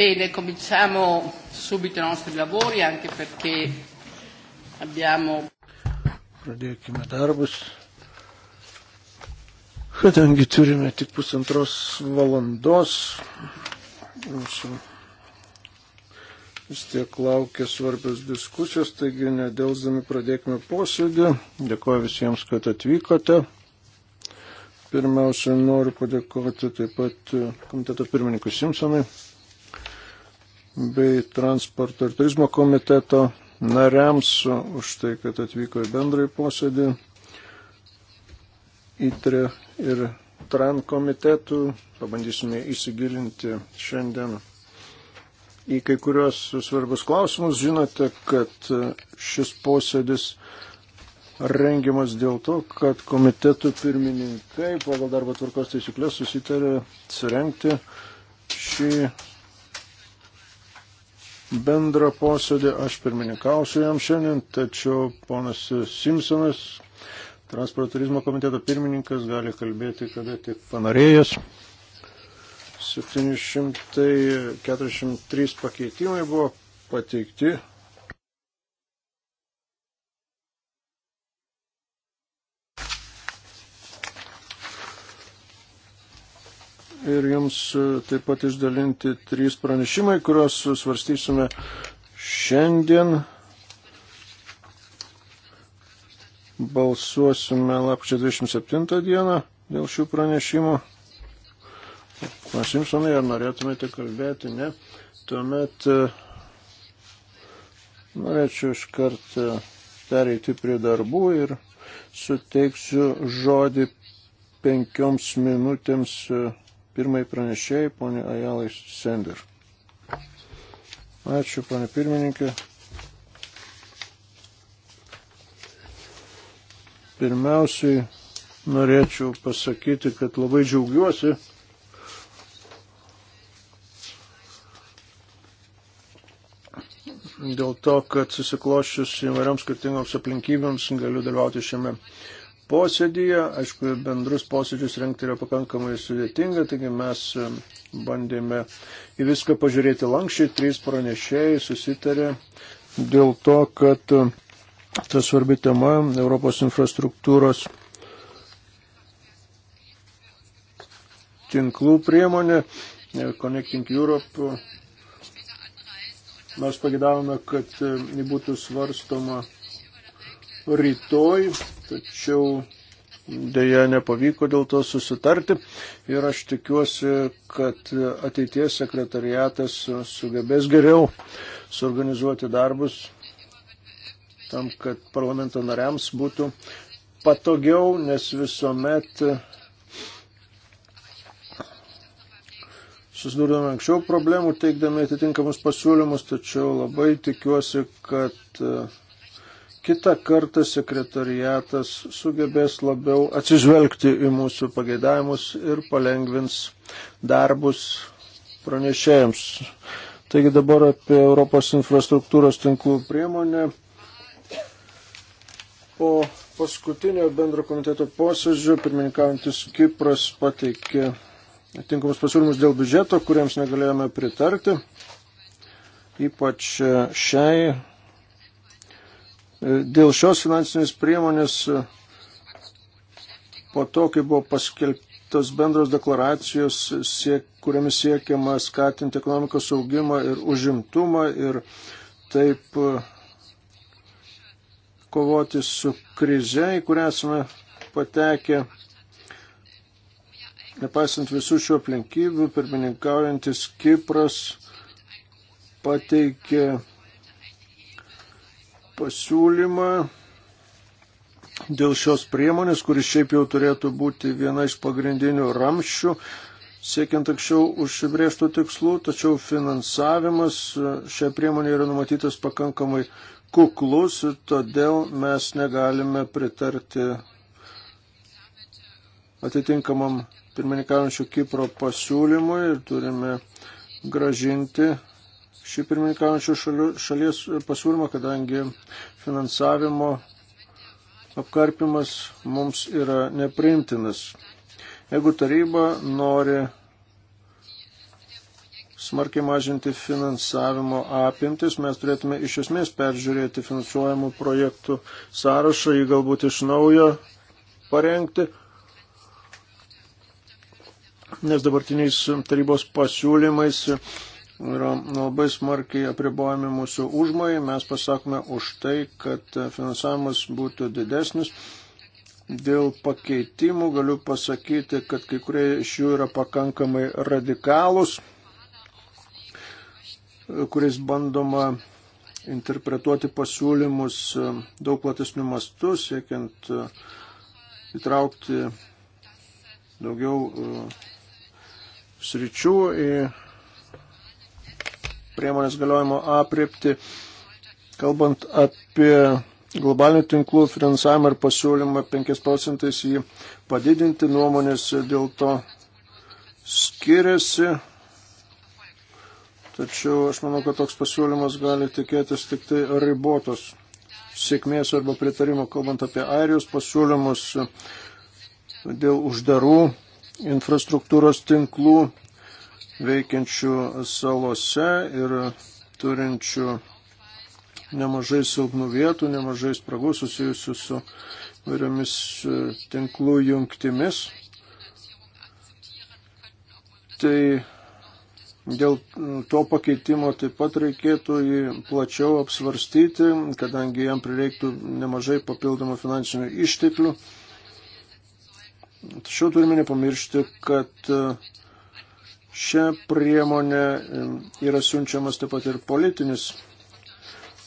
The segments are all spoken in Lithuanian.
Bene, cominciamo subito i nostri lavori anche perché abbiamo. Pradėkime darbus. Kadangi turime tik pusantros valandos, mūsų vis tiek laukia svarbios diskusijos, taigi nedėlzami pradėkime posėdį. Dėkuoju visiems, kad atvykote. Pirmiausia, noriu padėkoti taip pat komiteto pirmininkui Simpsonui bei transporto ir turizmo komiteto nariams už tai, kad atvyko į bendrąjį posėdį, įtrė ir tran komitetų. Pabandysime įsigilinti šiandien į kai kurios svarbus klausimus. Žinote, kad šis posėdis rengiamas dėl to, kad komitetų pirmininkai pagal darbo tvarkos taisyklės susitarė surenkti šį bendrą posėdį. Aš pirmininkausiu jam šiandien, tačiau ponas Simpsonas, transporto turizmo komiteto pirmininkas, gali kalbėti, kada tik panorėjęs. 743 pakeitimai buvo pateikti ir jums e, taip pat išdalinti trys pranešimai, kuriuos svarstysime šiandien. Balsuosime lapčio 27 dieną dėl šių pranešimų. Mas Simpsonai, ar norėtumėte kalbėti? Ne. Tuomet e, norėčiau iškart pereiti prie darbų ir suteiksiu žodį penkioms minutėms e, pirmai pranešėjai, ponė Ajalai Sender. Ačiū, ponė pirmininkė. Pirmiausiai norėčiau pasakyti, kad labai džiaugiuosi, dėl to, kad susikloščius įvairioms skirtingoms aplinkybėms galiu dalyvauti šiame posėdyje. Aišku, bendrus posėdžius renkti yra pakankamai sudėtinga, taigi mes bandėme į viską pažiūrėti lankščiai. Trys pranešėjai susitarė dėl to, kad ta svarbi tema Europos infrastruktūros tinklų priemonė e, Connecting Europe. Mes pagidavome, kad ji būtų svarstoma rytoj tačiau dėja nepavyko dėl to susitarti ir aš tikiuosi, kad ateities sekretariatas sugebės geriau suorganizuoti darbus tam, kad parlamento nariams būtų patogiau, nes visuomet susidūrėme anksčiau problemų teikdami atitinkamus pasiūlymus, tačiau labai tikiuosi, kad Kita kartą sekretariatas sugebės labiau atsižvelgti į mūsų pageidavimus ir palengvins darbus pranešėjams. Taigi dabar apie Europos infrastruktūros tinklų priemonę. Po paskutinio bendro komiteto posėdžio pirmininkaujantis Kipras pateikė atinkamus pasiūlymus dėl biudžeto, kuriems negalėjome pritarti. Ypač šiai Dėl šios finansinės priemonės po to, kai buvo paskelbtos bendros deklaracijos, siek, kuriamis siekiama skatinti ekonomikos augimą ir užimtumą ir taip kovoti su krize, į kurią esame patekę. Nepaisant visų šių aplinkybių, pirmininkaujantis Kipras pateikė pasiūlymą dėl šios priemonės, kuris šiaip jau turėtų būti viena iš pagrindinių ramščių, siekiant anksčiau užsibrėžtų tikslų, tačiau finansavimas šią priemonę yra numatytas pakankamai kuklus ir todėl mes negalime pritarti atitinkamam pirmininkaujančio Kipro pasiūlymui ir turime gražinti šį pirmininkaujančių šalies pasiūlymą, kadangi finansavimo apkarpimas mums yra nepriimtinas. Jeigu taryba nori smarkiai mažinti finansavimo apimtis, mes turėtume iš esmės peržiūrėti finansuojamų projektų sąrašą, jį galbūt iš naujo parengti, nes dabartiniais tarybos pasiūlymais yra labai smarkiai apribojami mūsų užmojai. Mes pasakome už tai, kad finansavimas būtų didesnis. Dėl pakeitimų galiu pasakyti, kad kai kurie iš jų yra pakankamai radikalūs, kuris bandoma interpretuoti pasiūlymus daug platesnių mastų, siekiant e, įtraukti daugiau e, sričių į priemonės galiojimo apriepti. Kalbant apie globalinių tinklų finansavimą ir pasiūlymą 5 procentais jį padidinti, nuomonės dėl to skiriasi. Tačiau aš manau, kad toks pasiūlymas gali tikėtis tik tai ribotos sėkmės arba pritarimo, kalbant apie airijos pasiūlymus dėl uždarų infrastruktūros tinklų veikiančių salose ir turinčių nemažai silpnų vietų, nemažai spragų susijusių su vairiomis e, tinklų jungtimis. Tai dėl to pakeitimo taip pat reikėtų jį plačiau apsvarstyti, kadangi jam prireiktų nemažai papildomų finansinių išteklių. Tačiau turime nepamiršti, kad uh, Šią priemonę yra siunčiamas taip pat ir politinis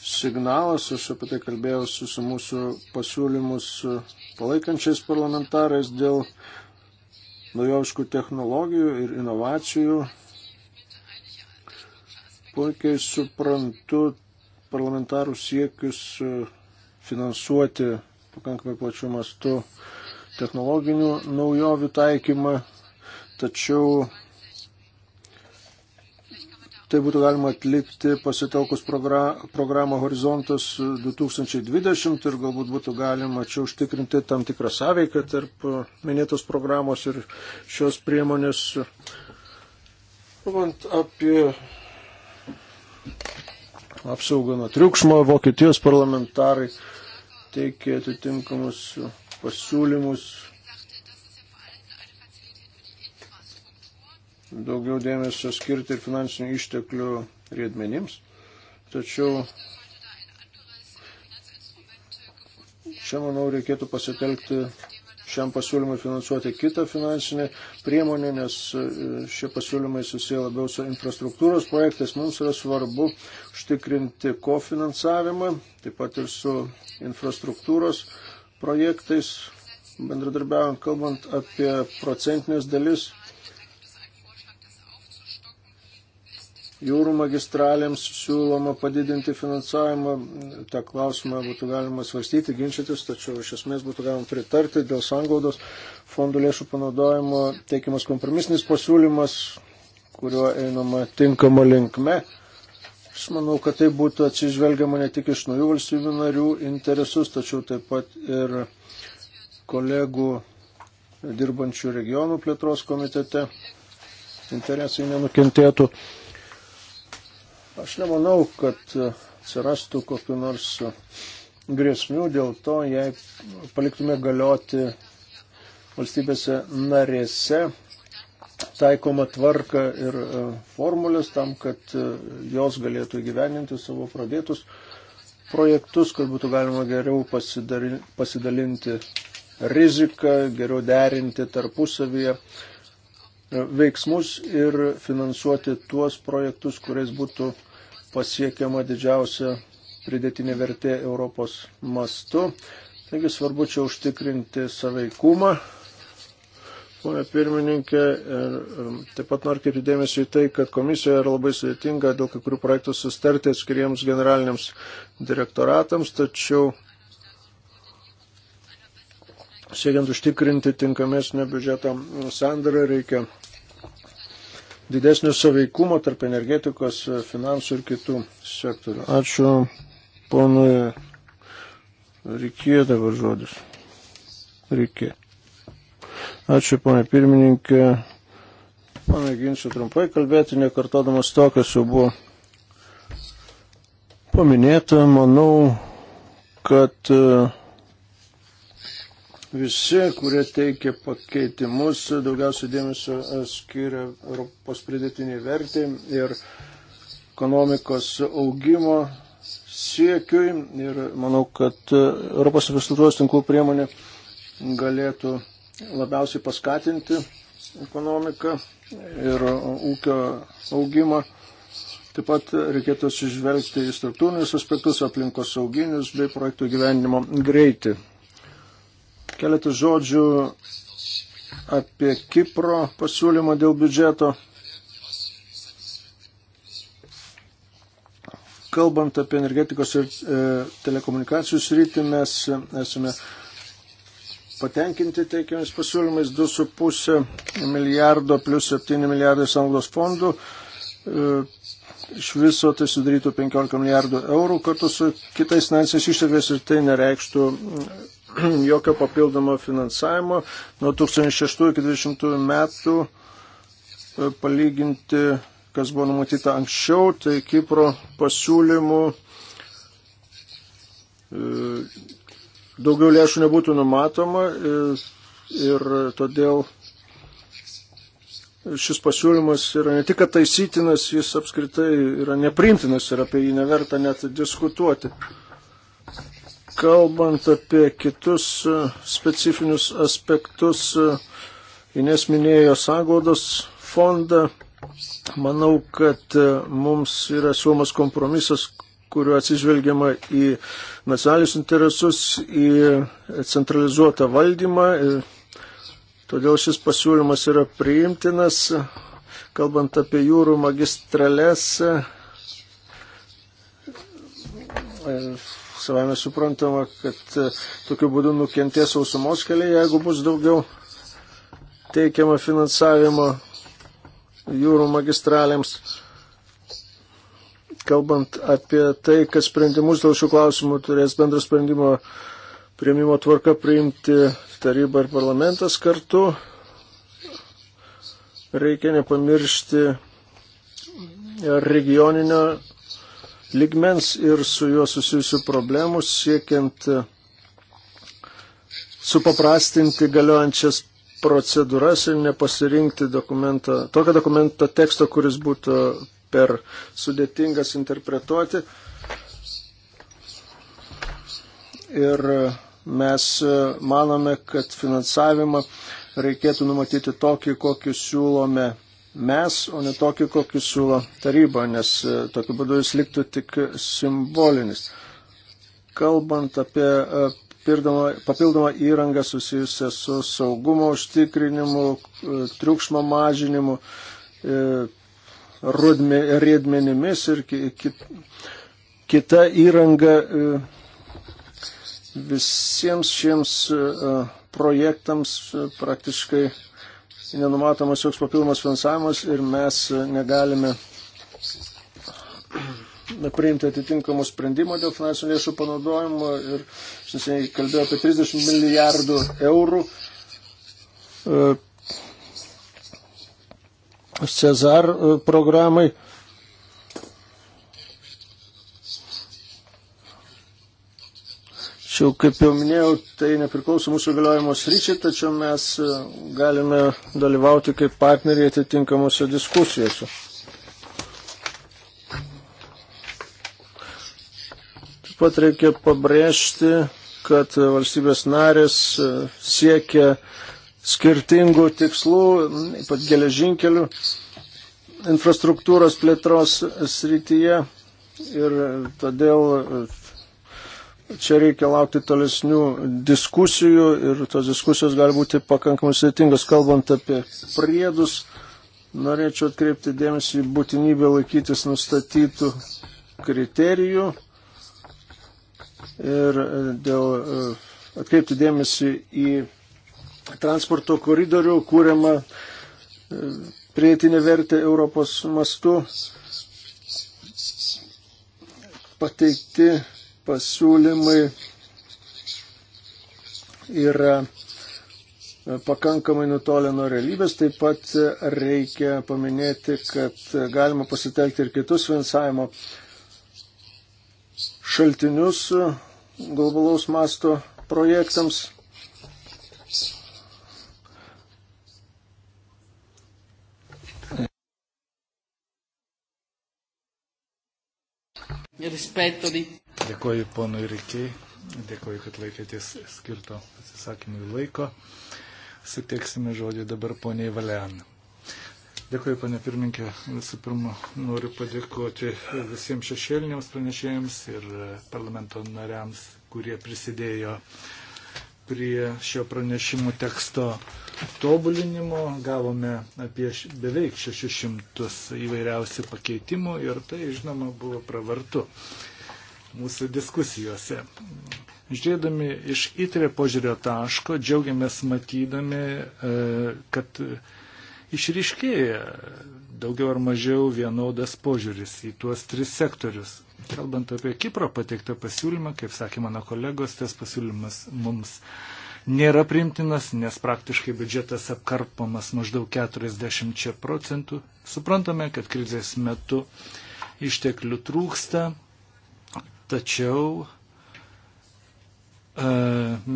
signalas, aš apie tai kalbėjau su, su mūsų pasiūlymus e, palaikančiais parlamentarais dėl naujoviškų technologijų ir inovacijų. Puikiai suprantu parlamentarų siekius e, finansuoti pakankamai plačiu mastu technologinių naujovių taikymą, tačiau Tai būtų galima atlikti pasitelkus programą Horizontas 2020 ir galbūt būtų galima čia užtikrinti tam tikrą sąveiką tarp minėtos programos ir šios priemonės. Kalbant apie apsaugą nuo triukšmo, Vokietijos parlamentarai teikia atitinkamus pasiūlymus daugiau dėmesio skirti ir finansinių išteklių riedmenims. Tačiau čia, manau, reikėtų pasitelkti šiam pasiūlymui finansuoti kitą finansinę priemonę, nes e, šie pasiūlymai susiję labiau su infrastruktūros projektais. Mums yra svarbu užtikrinti kofinansavimą, taip pat ir su infrastruktūros projektais, bendradarbiaujant, kalbant apie procentinės dalis jūrų magistralėms siūloma padidinti finansavimą. Ta klausimą būtų galima svarstyti, ginčytis, tačiau iš esmės būtų galima pritarti dėl sangaudos fondų lėšų panaudojimo teikiamas kompromisinis pasiūlymas, kuriuo einama tinkama linkme. Aš manau, kad tai būtų atsižvelgiama ne tik iš naujų valstybių narių interesus, tačiau taip pat ir kolegų dirbančių regionų plėtros komitete interesai nenukentėtų. Aš nemanau, kad atsirastų kokiu nors grėsmių dėl to, jei paliktume galioti valstybėse narėse taikoma tvarka ir e, formulės tam, kad e, jos galėtų gyveninti savo pradėtus projektus, kad būtų galima geriau pasidalinti riziką, geriau derinti tarpusavyje e, veiksmus ir finansuoti tuos projektus, kuriais būtų pasiekiama didžiausia pridėtinė vertė Europos mastu. Taigi svarbu čia užtikrinti saveikumą, ponė pirmininkė, ir um, taip pat noriu kaip įdėmėsi į tai, kad komisijoje yra labai sudėtinga dėl kai kurių projektų sustarti atskiriems generaliniams direktoratams, tačiau siekiant užtikrinti tinkamesnę biudžeto sandarą reikia didesnio saveikumo tarp energetikos, finansų ir kitų sektorių. Ačiū ponui Rikė dabar žodis. Rikė. Ačiū ponė pirmininkė. Pamėginsiu trumpai kalbėti, nekartodamas to, kas jau buvo paminėta. Manau, kad uh, Visi, kurie teikia pakeitimus, daugiausiai dėmesio e, skiria Europos pridėtiniai vertai ir ekonomikos augimo siekiui. Ir manau, kad e, Europos infrastruktūros tinklų priemonė galėtų labiausiai paskatinti ekonomiką ir ūkio augimą. Taip pat reikėtų atsižvelgti į struktūrinius aspektus, aplinkos sauginius bei projektų gyvenimo greitį. Keletą žodžių apie Kipro pasiūlymą dėl biudžeto. Kalbant apie energetikos ir e, telekomunikacijų sritį, mes esame patenkinti teikiamis pasiūlymais 2,5 milijardo plus 7 milijardai sanglos fondų. E, iš viso tai sudarytų 15 milijardų eurų kartu su kitais finansiniais ištekliais ir tai nereikštų jokio papildomo finansavimo. Nuo 2006 iki 2020 metų e, palyginti, kas buvo numatyta anksčiau, tai Kipro pasiūlymų e, daugiau lėšų nebūtų numatoma e, ir todėl šis pasiūlymas yra ne tik taisytinas, jis apskritai yra neprimtinas ir apie jį neverta net diskutuoti. Kalbant apie kitus e, specifinius aspektus, e, Ines minėjo sągaudos fondą. Manau, kad e, mums yra siūlomas kompromisas, kuriuo atsižvelgiama į nacionalinius interesus, į centralizuotą valdymą. Todėl šis pasiūlymas yra priimtinas, kalbant apie jūrų magistrales. Savame suprantama, kad e, tokiu būdu nukentės sausumos keliai, jeigu bus daugiau teikiama finansavimo jūrų magistralėms. Kalbant apie tai, kad sprendimus dėl šių klausimų turės bendro sprendimo prieimimo tvarka priimti taryba ir parlamentas kartu, reikia nepamiršti regioninio ligmens ir su juo susijusių problemų siekiant e, supaprastinti galiojančias procedūras ir nepasirinkti dokumento, tokio dokumento teksto, kuris būtų per sudėtingas interpretuoti. Ir e, mes e, manome, kad finansavimą reikėtų numatyti tokį, kokį siūlome mes, o ne tokį, kokį siūlo taryba, nes e, tokiu būdu jis liktų tik simbolinis. Kalbant apie e, papildomą įrangą susijusią su saugumo užtikrinimu, e, triukšmo mažinimu, riedmenimis ir kita įranga visiems šiems projektams praktiškai nenumatomas joks papildomas finansavimas ir mes negalime priimti atitinkamų sprendimų dėl finansinių lėšų panaudojimo ir šiandien kalbėjau apie 30 milijardų eurų. E, Cezar e, programai Tačiau, kaip jau minėjau, tai nepriklauso mūsų galiojimo sryčiai, tačiau mes e, galime dalyvauti kaip partneriai atitinkamuose diskusijose. Taip pat reikia pabrėžti, kad valstybės narės e, siekia skirtingų tikslų, ypat geležinkelių infrastruktūros plėtros srityje ir todėl e, Čia reikia laukti tolesnių diskusijų ir tos diskusijos gali būti pakankamai sėtingos. Kalbant apie priedus, norėčiau atkreipti dėmesį į būtinybę laikytis nustatytų kriterijų ir e, dėl e, atkreipti dėmesį į transporto koridorių kūriamą e, prietinę vertę Europos mastu pateikti pasiūlymai yra pakankamai nutolę nuo realybės. Taip pat reikia paminėti, kad galima pasitelkti ir kitus finansavimo šaltinius globalaus masto projektams. rispetto di Dėkuoju ponui Rikiai, dėkuoju, kad laikėtės skirto atsisakymui laiko. Suteiksime žodį dabar poniai Valian. Dėkuoju, ponė pirminkė. Visų pirma, noriu padėkoti visiems šešėliniams pranešėjams ir parlamento nariams, kurie prisidėjo prie šio pranešimų teksto tobulinimo. Gavome apie beveik 600 įvairiausių pakeitimų ir tai, žinoma, buvo pravartu mūsų diskusijose. Žiūrėdami iš įtrė požiūrio taško, džiaugiamės matydami, e, kad išryškėja daugiau ar mažiau vienodas požiūris į tuos tris sektorius. Kalbant apie Kipro pateiktą pasiūlymą, kaip sakė mano kolegos, tas pasiūlymas mums nėra primtinas, nes praktiškai biudžetas apkarpamas maždaug 40 procentų. Suprantame, kad krizės metu išteklių trūksta, Tačiau e,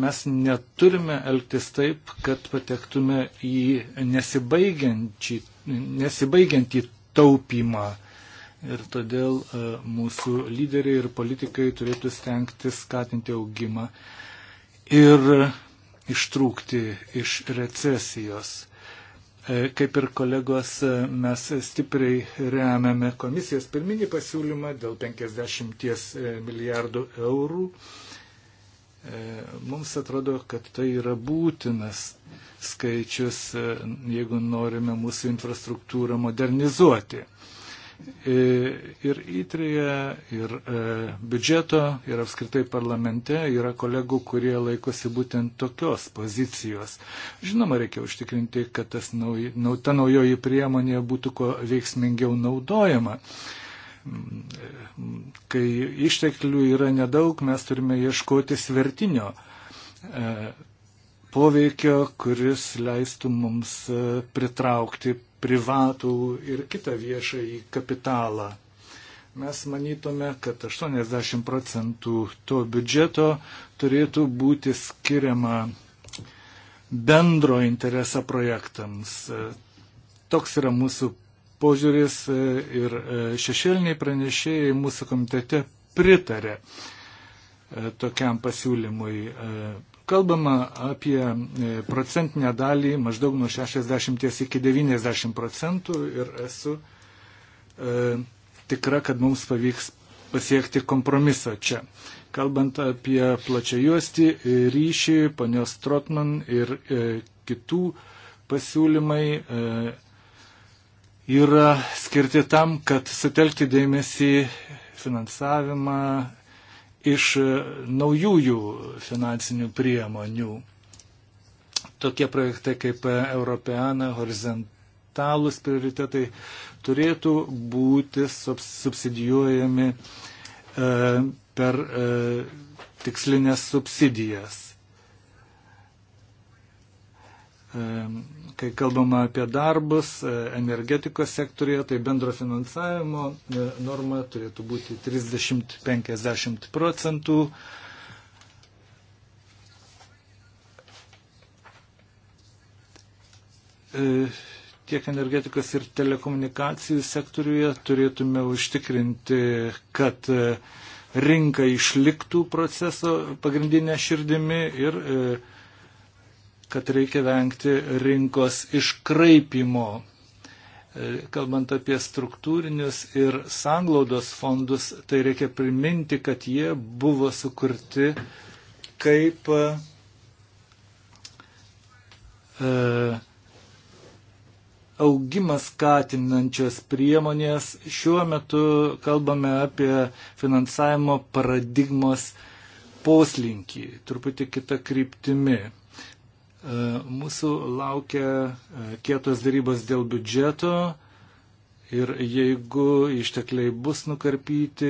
mes neturime elgtis taip, kad patektume į nesibaigiantį, nesibaigiantį taupimą. Ir todėl e, mūsų lyderiai ir politikai turėtų stengti skatinti augimą ir ištrūkti iš recesijos. E, kaip ir kolegos, e, mes stipriai remiame komisijos pirminį pasiūlymą dėl 50 e, milijardų eurų. Mums atrodo, kad tai yra būtinas skaičius, jeigu norime mūsų infrastruktūrą modernizuoti. E, ir įtrėje, ir e, biudžeto, ir apskritai parlamente yra kolegų, kurie laikosi būtent tokios pozicijos. Žinoma, reikia užtikrinti, kad tas nauj, nau, ta naujoji priemonė būtų kuo veiksmingiau naudojama. Kai išteklių yra nedaug, mes turime ieškoti svertinio e, poveikio, kuris leistų mums e, pritraukti privatų ir kitą viešąjį kapitalą. Mes manytume, kad 80 procentų to biudžeto turėtų būti skiriama bendro interesą projektams. E, toks yra mūsų požiūris e, ir šešėliniai pranešėjai mūsų komitete pritarė tokiam pasiūlymui Kalbama apie e, procentinę dalį maždaug nuo 60 iki 90 procentų ir esu e, tikra, kad mums pavyks pasiekti kompromisą čia. Kalbant apie plačiajuosti ryšį, panios Trotman ir e, kitų pasiūlymai e, yra skirti tam, kad sutelkti dėmesį finansavimą iš e, naujųjų finansinių priemonių. Tokie projektai kaip e, Europeana, horizontalūs prioritetai turėtų būti subsidijuojami e, per tikslinės subsidijas Kai kalbama apie darbus e, energetikos sektorija, tai bendro finansavimo e, norma turėtų būti 30-50 procentų. E, tiek energetikos ir telekomunikacijų sektoriuje turėtume užtikrinti, kad rinka išliktų proceso pagrindinė širdimi ir e, kad reikia vengti rinkos iškraipimo. E, kalbant apie struktūrinius ir sanglaudos fondus, tai reikia priminti, kad jie buvo sukurti kaip e, augimas skatinančios priemonės. Šiuo metu kalbame apie finansavimo paradigmos poslinkį, truputį kitą kryptimį. E, mūsų laukia e, kietos darybos dėl biudžeto ir jeigu ištekliai bus nukarpyti,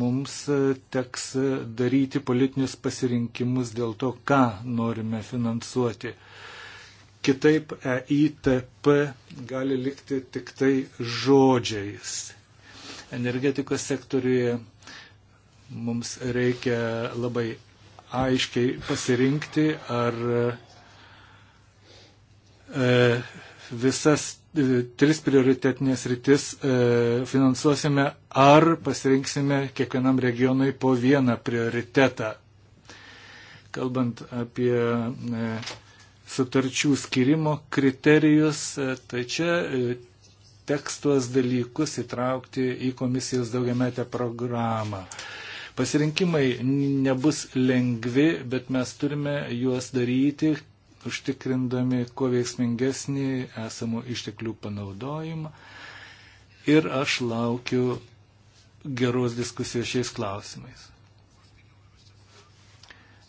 mums e, teks daryti politinius pasirinkimus dėl to, ką norime finansuoti. Kitaip EITP gali likti tik tai žodžiais. Energetikos sektoriuje mums reikia labai aiškiai pasirinkti, ar E, visas e, tris prioritetinės rytis e, finansuosime ar pasirinksime kiekvienam regionui po vieną prioritetą. Kalbant apie sutarčių skirimo kriterijus, tai čia teks tuos dalykus įtraukti į komisijos daugiametę programą. Pasirinkimai nebus lengvi, bet mes turime juos daryti, užtikrindami kuo veiksmingesnį esamų išteklių panaudojimą. Ir aš laukiu geros diskusijos šiais klausimais.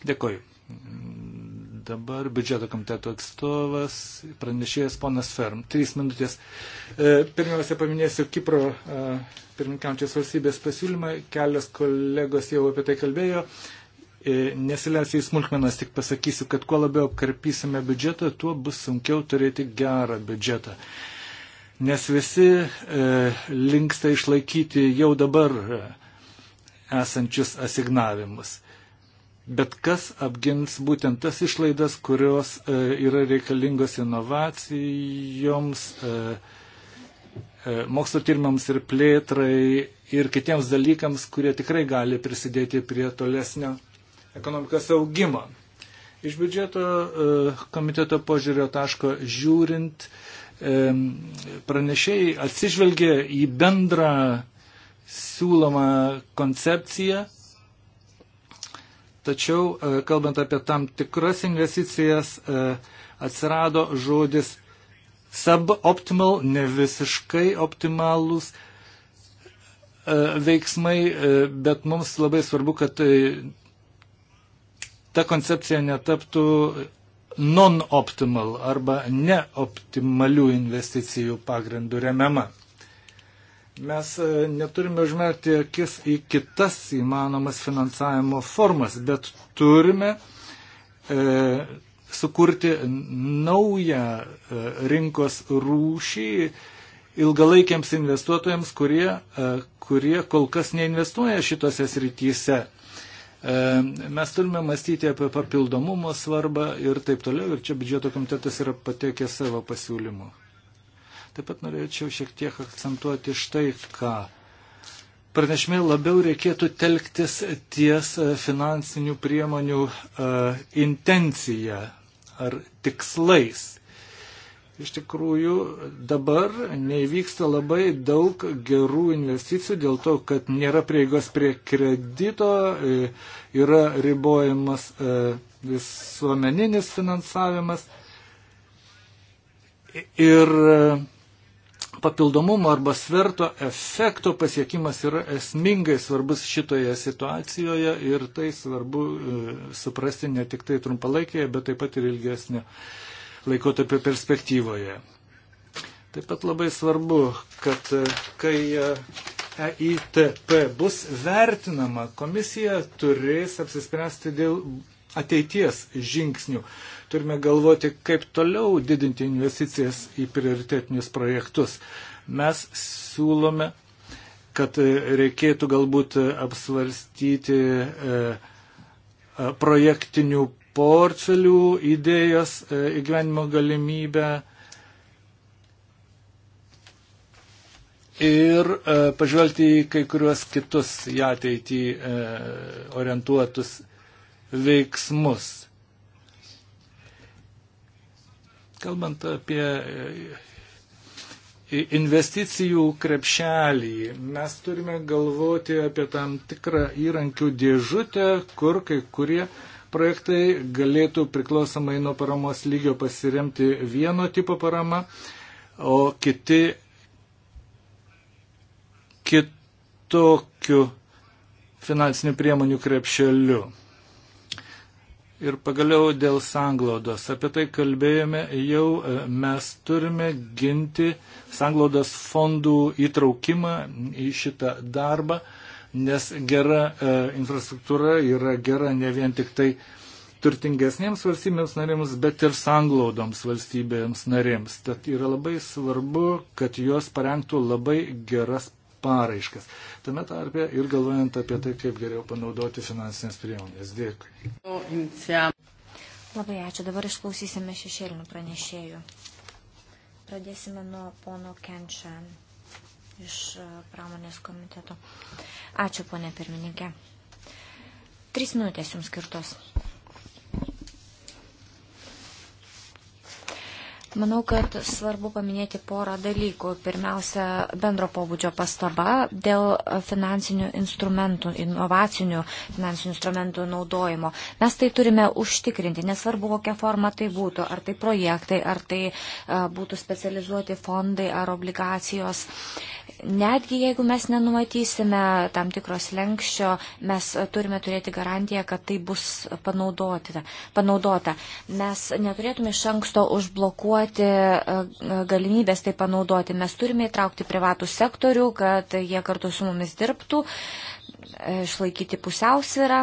Dėkoju. Dabar biudžeto komiteto atstovas, pranešėjas ponas Ferm. Trys minutės. E, pirmiausia, paminėsiu Kipro e, pirmininkiančios valstybės pasiūlymą. Kelios kolegos jau apie tai kalbėjo. E, nesileisiu į smulkmenas, tik pasakysiu, kad kuo labiau karpysime biudžetą, tuo bus sunkiau turėti gerą biudžetą. Nes visi e, linksta išlaikyti jau dabar e, esančius asignavimus. Bet kas apgins būtent tas išlaidas, kurios e, yra reikalingos inovacijoms, e, e mokslo tyrimams ir plėtrai ir kitiems dalykams, kurie tikrai gali prisidėti prie tolesnio ekonomikos augimą. Iš biudžeto e, komiteto požiūrio taško žiūrint, e, pranešėjai atsižvelgė į bendrą siūlomą koncepciją, tačiau e, kalbant apie tam tikras investicijas, atsirado žodis suboptimal, ne visiškai optimalus veiksmai, bet mums labai svarbu, kad ta koncepcija netaptų non-optimal arba neoptimalių investicijų pagrindų remiama. Mes e, neturime užmerkti akis į kitas įmanomas finansavimo formas, bet turime e, sukurti naują e, rinkos rūšį ilgalaikiams investuotojams, kurie, e, kurie kol kas neinvestuoja šitose srityse. E, E, mes turime mąstyti apie papildomumo svarbą ir taip toliau, ir čia biudžeto komitetas yra pateikęs savo pasiūlymų. Taip pat norėčiau šiek tiek akcentuoti štai ką. Pranešmė labiau reikėtų telktis ties e, finansinių priemonių uh, intencija ar tikslais Iš tikrųjų, dabar nevyksta labai daug gerų investicijų dėl to, kad nėra prieigos prie kredito, e, yra ribojamas e, visuomeninis finansavimas. Ir e, papildomumo arba sverto efekto pasiekimas yra esmingai svarbus šitoje situacijoje ir tai svarbu suprasti ne tik tai trumpalaikėje, bet taip pat ir ilgesnė laikotarpio perspektyvoje. Taip pat labai svarbu, kad e, kai EITP e bus vertinama, komisija turės apsispręsti dėl ateities žingsnių. Turime galvoti, kaip toliau didinti investicijas į prioritetinius projektus. Mes siūlome, kad e, reikėtų galbūt apsvarstyti projektinių portfelių idėjos e, įgyvenimo galimybę ir e, pažvelgti į kai kuriuos kitus į ateitį e, orientuotus veiksmus. Kalbant apie investicijų krepšelį. Mes turime galvoti apie tam tikrą įrankių dėžutę, kur kai kurie projektai galėtų priklausomai nuo paramos lygio pasiremti vieno tipo parama, o kiti kitokiu finansinių priemonių krepšeliu. Ir pagaliau dėl sanglaudos. Apie tai kalbėjome jau, mes turime ginti sanglaudos fondų įtraukimą į šitą darbą nes gera e, infrastruktūra yra gera ne vien tik tai turtingesniems valstybėms narėms, bet ir sanglaudoms valstybėms narėms. Tad yra labai svarbu, kad juos parengtų labai geras paraiškas. Tame tarpe ir galvojant apie tai, kaip geriau panaudoti finansinės priemonės. Dėkui. Labai ačiū. Dabar išklausysime šešėlinių pranešėjų. Pradėsime nuo pono Kenčian iš e, pramonės komiteto. Ačiū, ponė pirmininkė. Tris minutės jums skirtos. Manau, kad svarbu paminėti porą dalykų. Pirmiausia, bendro pobūdžio pastaba dėl finansinių instrumentų, inovacinių finansinių instrumentų naudojimo. Mes tai turime užtikrinti, nesvarbu, kokia forma tai būtų, ar tai projektai, ar tai e, būtų specializuoti fondai, ar obligacijos. Uh, netgi jeigu mes nenumatysime tam tikros lenkščio, mes turime turėti garantiją, kad tai bus panaudota. Mes neturėtume iš anksto užblokuoti e, galimybės tai panaudoti. Mes turime įtraukti privatų sektorių, kad jie kartu su mumis dirbtų, e, išlaikyti pusiausvyrą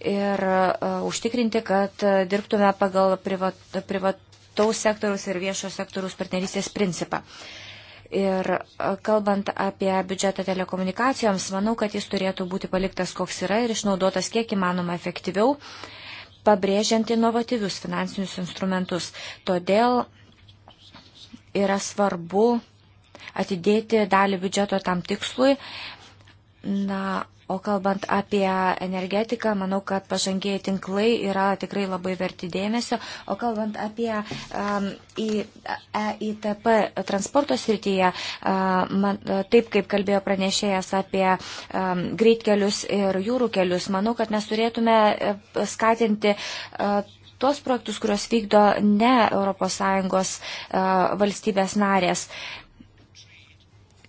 ir e, užtikrinti, kad dirbtume pagal privat, privataus sektoriaus ir viešo sektoriaus partnerystės principą. Uh, Ir e, kalbant apie biudžetą telekomunikacijoms, manau, kad jis turėtų būti paliktas koks yra ir išnaudotas kiek įmanoma efektyviau, pabrėžiant inovatyvius finansinius instrumentus. Todėl yra svarbu atidėti dalį biudžeto tam tikslui. Na, O kalbant apie energetiką, manau, kad pažangiai tinklai yra tikrai labai verti dėmesio. O kalbant apie um, EITP e transporto srityje, uh, man, taip kaip kalbėjo pranešėjas apie um, greitkelius ir jūrų kelius, manau, kad mes turėtume uh, skatinti. Uh, Tuos projektus, kuriuos vykdo ne ES uh, valstybės narės,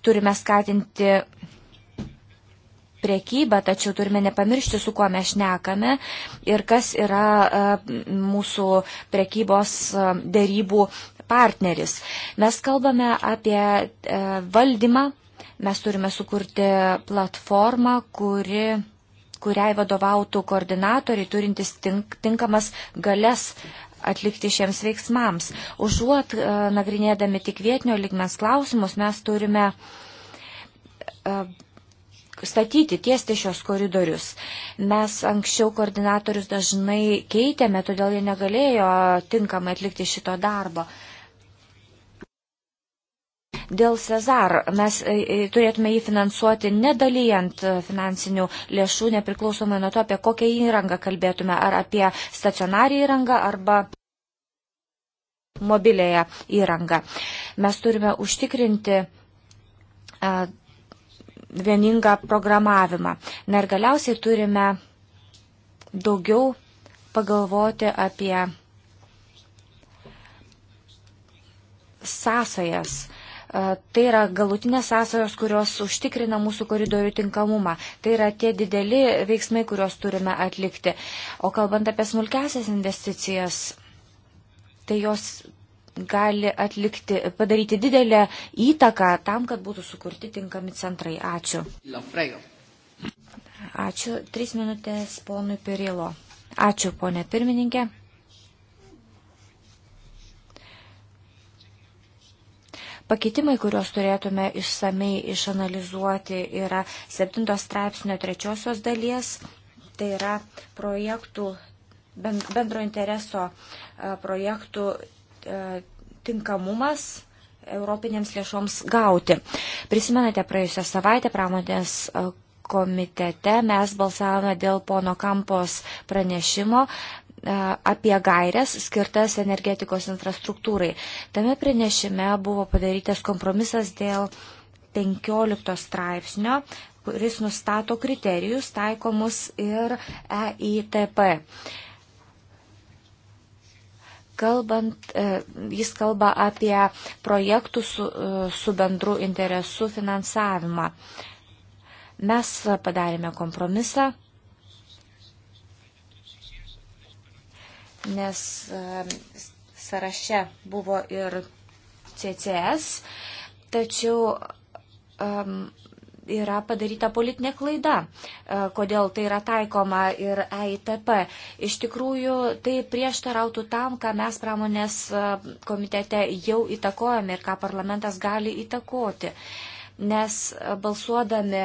turime skatinti priekybą, tačiau turime nepamiršti, su kuo mes šnekame ir kas yra e, mūsų priekybos e, dėrybų partneris. Mes kalbame apie e, valdymą, mes turime sukurti platformą, kuri kuriai vadovautų koordinatoriai turintis tink, tinkamas galės atlikti šiems veiksmams. Užuot e, nagrinėdami tik vietinio ligmens klausimus, mes turime e, statyti, tiesti šios koridorius. Mes anksčiau koordinatorius dažnai keitėme, todėl jie negalėjo tinkamai atlikti šito darbo. Dėl Cezar mes e, e, turėtume jį finansuoti nedalyjant e, finansinių lėšų, nepriklausomai nuo to, apie kokią įrangą kalbėtume, ar apie stacionarį įrangą, arba mobilėją įrangą. Mes turime užtikrinti vieningą programavimą. Na ir galiausiai turime daugiau pagalvoti apie sąsajas. E, tai yra galutinės sąsajos, kurios užtikrina mūsų koridorių tinkamumą. Tai yra tie dideli veiksmai, kuriuos turime atlikti. O kalbant apie smulkesias investicijas, tai jos gali atlikti, padaryti didelę įtaką tam, kad būtų sukurti tinkami centrai. Ačiū. Ačiū. Tris minutės ponui Pirilo. Ačiū, ponė pirmininkė. Pakeitimai, kuriuos turėtume išsamei išanalizuoti, yra 7 straipsnio trečiosios dalies, tai yra projektų, bendro intereso projektų E, tinkamumas europinėms lėšoms gauti. Prisimenate, praėjusią savaitę pramonės e, komitete mes balsavome dėl pono Kampos pranešimo e, apie gairias skirtas energetikos infrastruktūrai. Tame pranešime buvo padarytas kompromisas dėl 15 straipsnio, kuris nustato kriterijus taikomus ir EITP. Kalbant, e, jis kalba apie projektų su, e, su bendru interesu finansavimą. Mes padarėme kompromisą, nes e, sąraše buvo ir CCS, tačiau um, yra padaryta politinė klaida, e, kodėl tai yra taikoma ir EITP. Iš tikrųjų, tai prieštarautų tam, ką mes pramonės e, komitete jau įtakojame ir ką parlamentas gali įtakoti. Nes e, balsuodami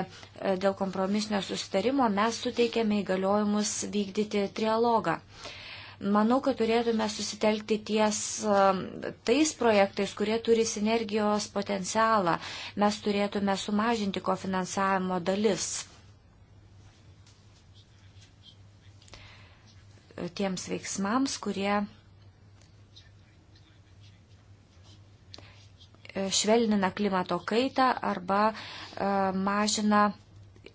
dėl kompromisinio susitarimo mes suteikėme įgaliojimus vykdyti trialogą. Uh, Manau, kad turėtume susitelkti ties um, tais projektais, kurie turi sinergijos potencialą. Mes turėtume sumažinti kofinansavimo dalis tiems veiksmams, kurie e, švelnina klimato kaitą arba e, mažina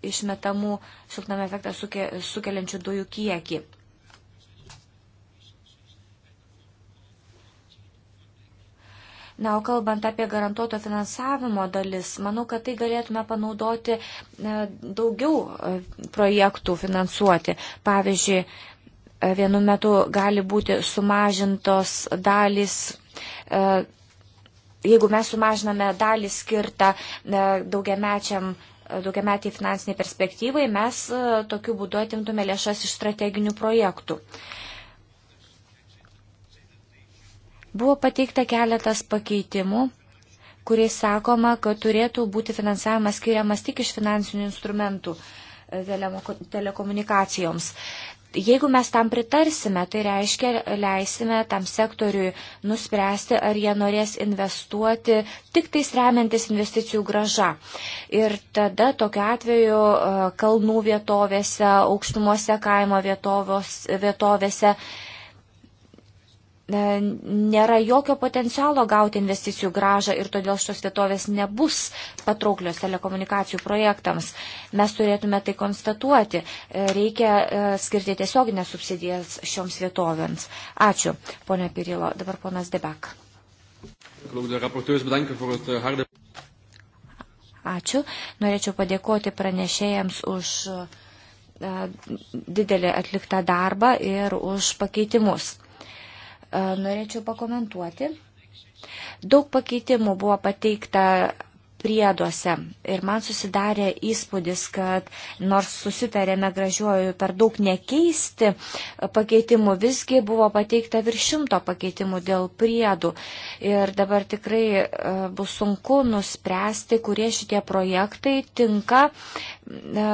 išmetamų šiltnamio efektą sukeliančių dujų kiekį. Na, o kalbant apie garantuoto finansavimo dalis, manau, kad tai galėtume panaudoti e, daugiau e, projektų finansuoti. Pavyzdžiui, e, vienu metu gali būti sumažintos dalys. Jeigu mes sumažiname dalį skirtą daugiamečiam daugiametiai finansiniai perspektyvai, mes tokiu būdu atimtume lėšas iš strateginių projektų. Uh, Buvo pateikta keletas pakeitimų, kuriais sakoma, kad turėtų būti finansavimas skiriamas tik iš finansinių instrumentų e, telekomunikacijoms. Jeigu mes tam pritarsime, tai reiškia, leisime tam sektoriui nuspręsti, ar jie norės investuoti tik tais remiantis investicijų graža. Ir tada tokiu atveju e, kalnų vietovėse, aukštumuose kaimo vietovos, vietovėse E, nėra jokio potencialo gauti investicijų gražą ir todėl šios vietovės nebus patrauklios telekomunikacijų projektams. Mes turėtume tai konstatuoti. E, reikia e, skirti tiesioginę subsidijas šioms vietovėms. Ačiū, ponia Pirilo. Dabar ponas Debek. Ačiū. Norėčiau padėkoti pranešėjams už didelį atliktą darbą ir už pakeitimus norėčiau pakomentuoti. Daug pakeitimų buvo pateikta prieduose. Ir man susidarė įspūdis, kad nors susitarėme gražiuoju per daug nekeisti pakeitimų, visgi buvo pateikta virš šimto pakeitimų dėl priedų. Ir dabar tikrai e, bus sunku nuspręsti, kurie šitie projektai tinka e,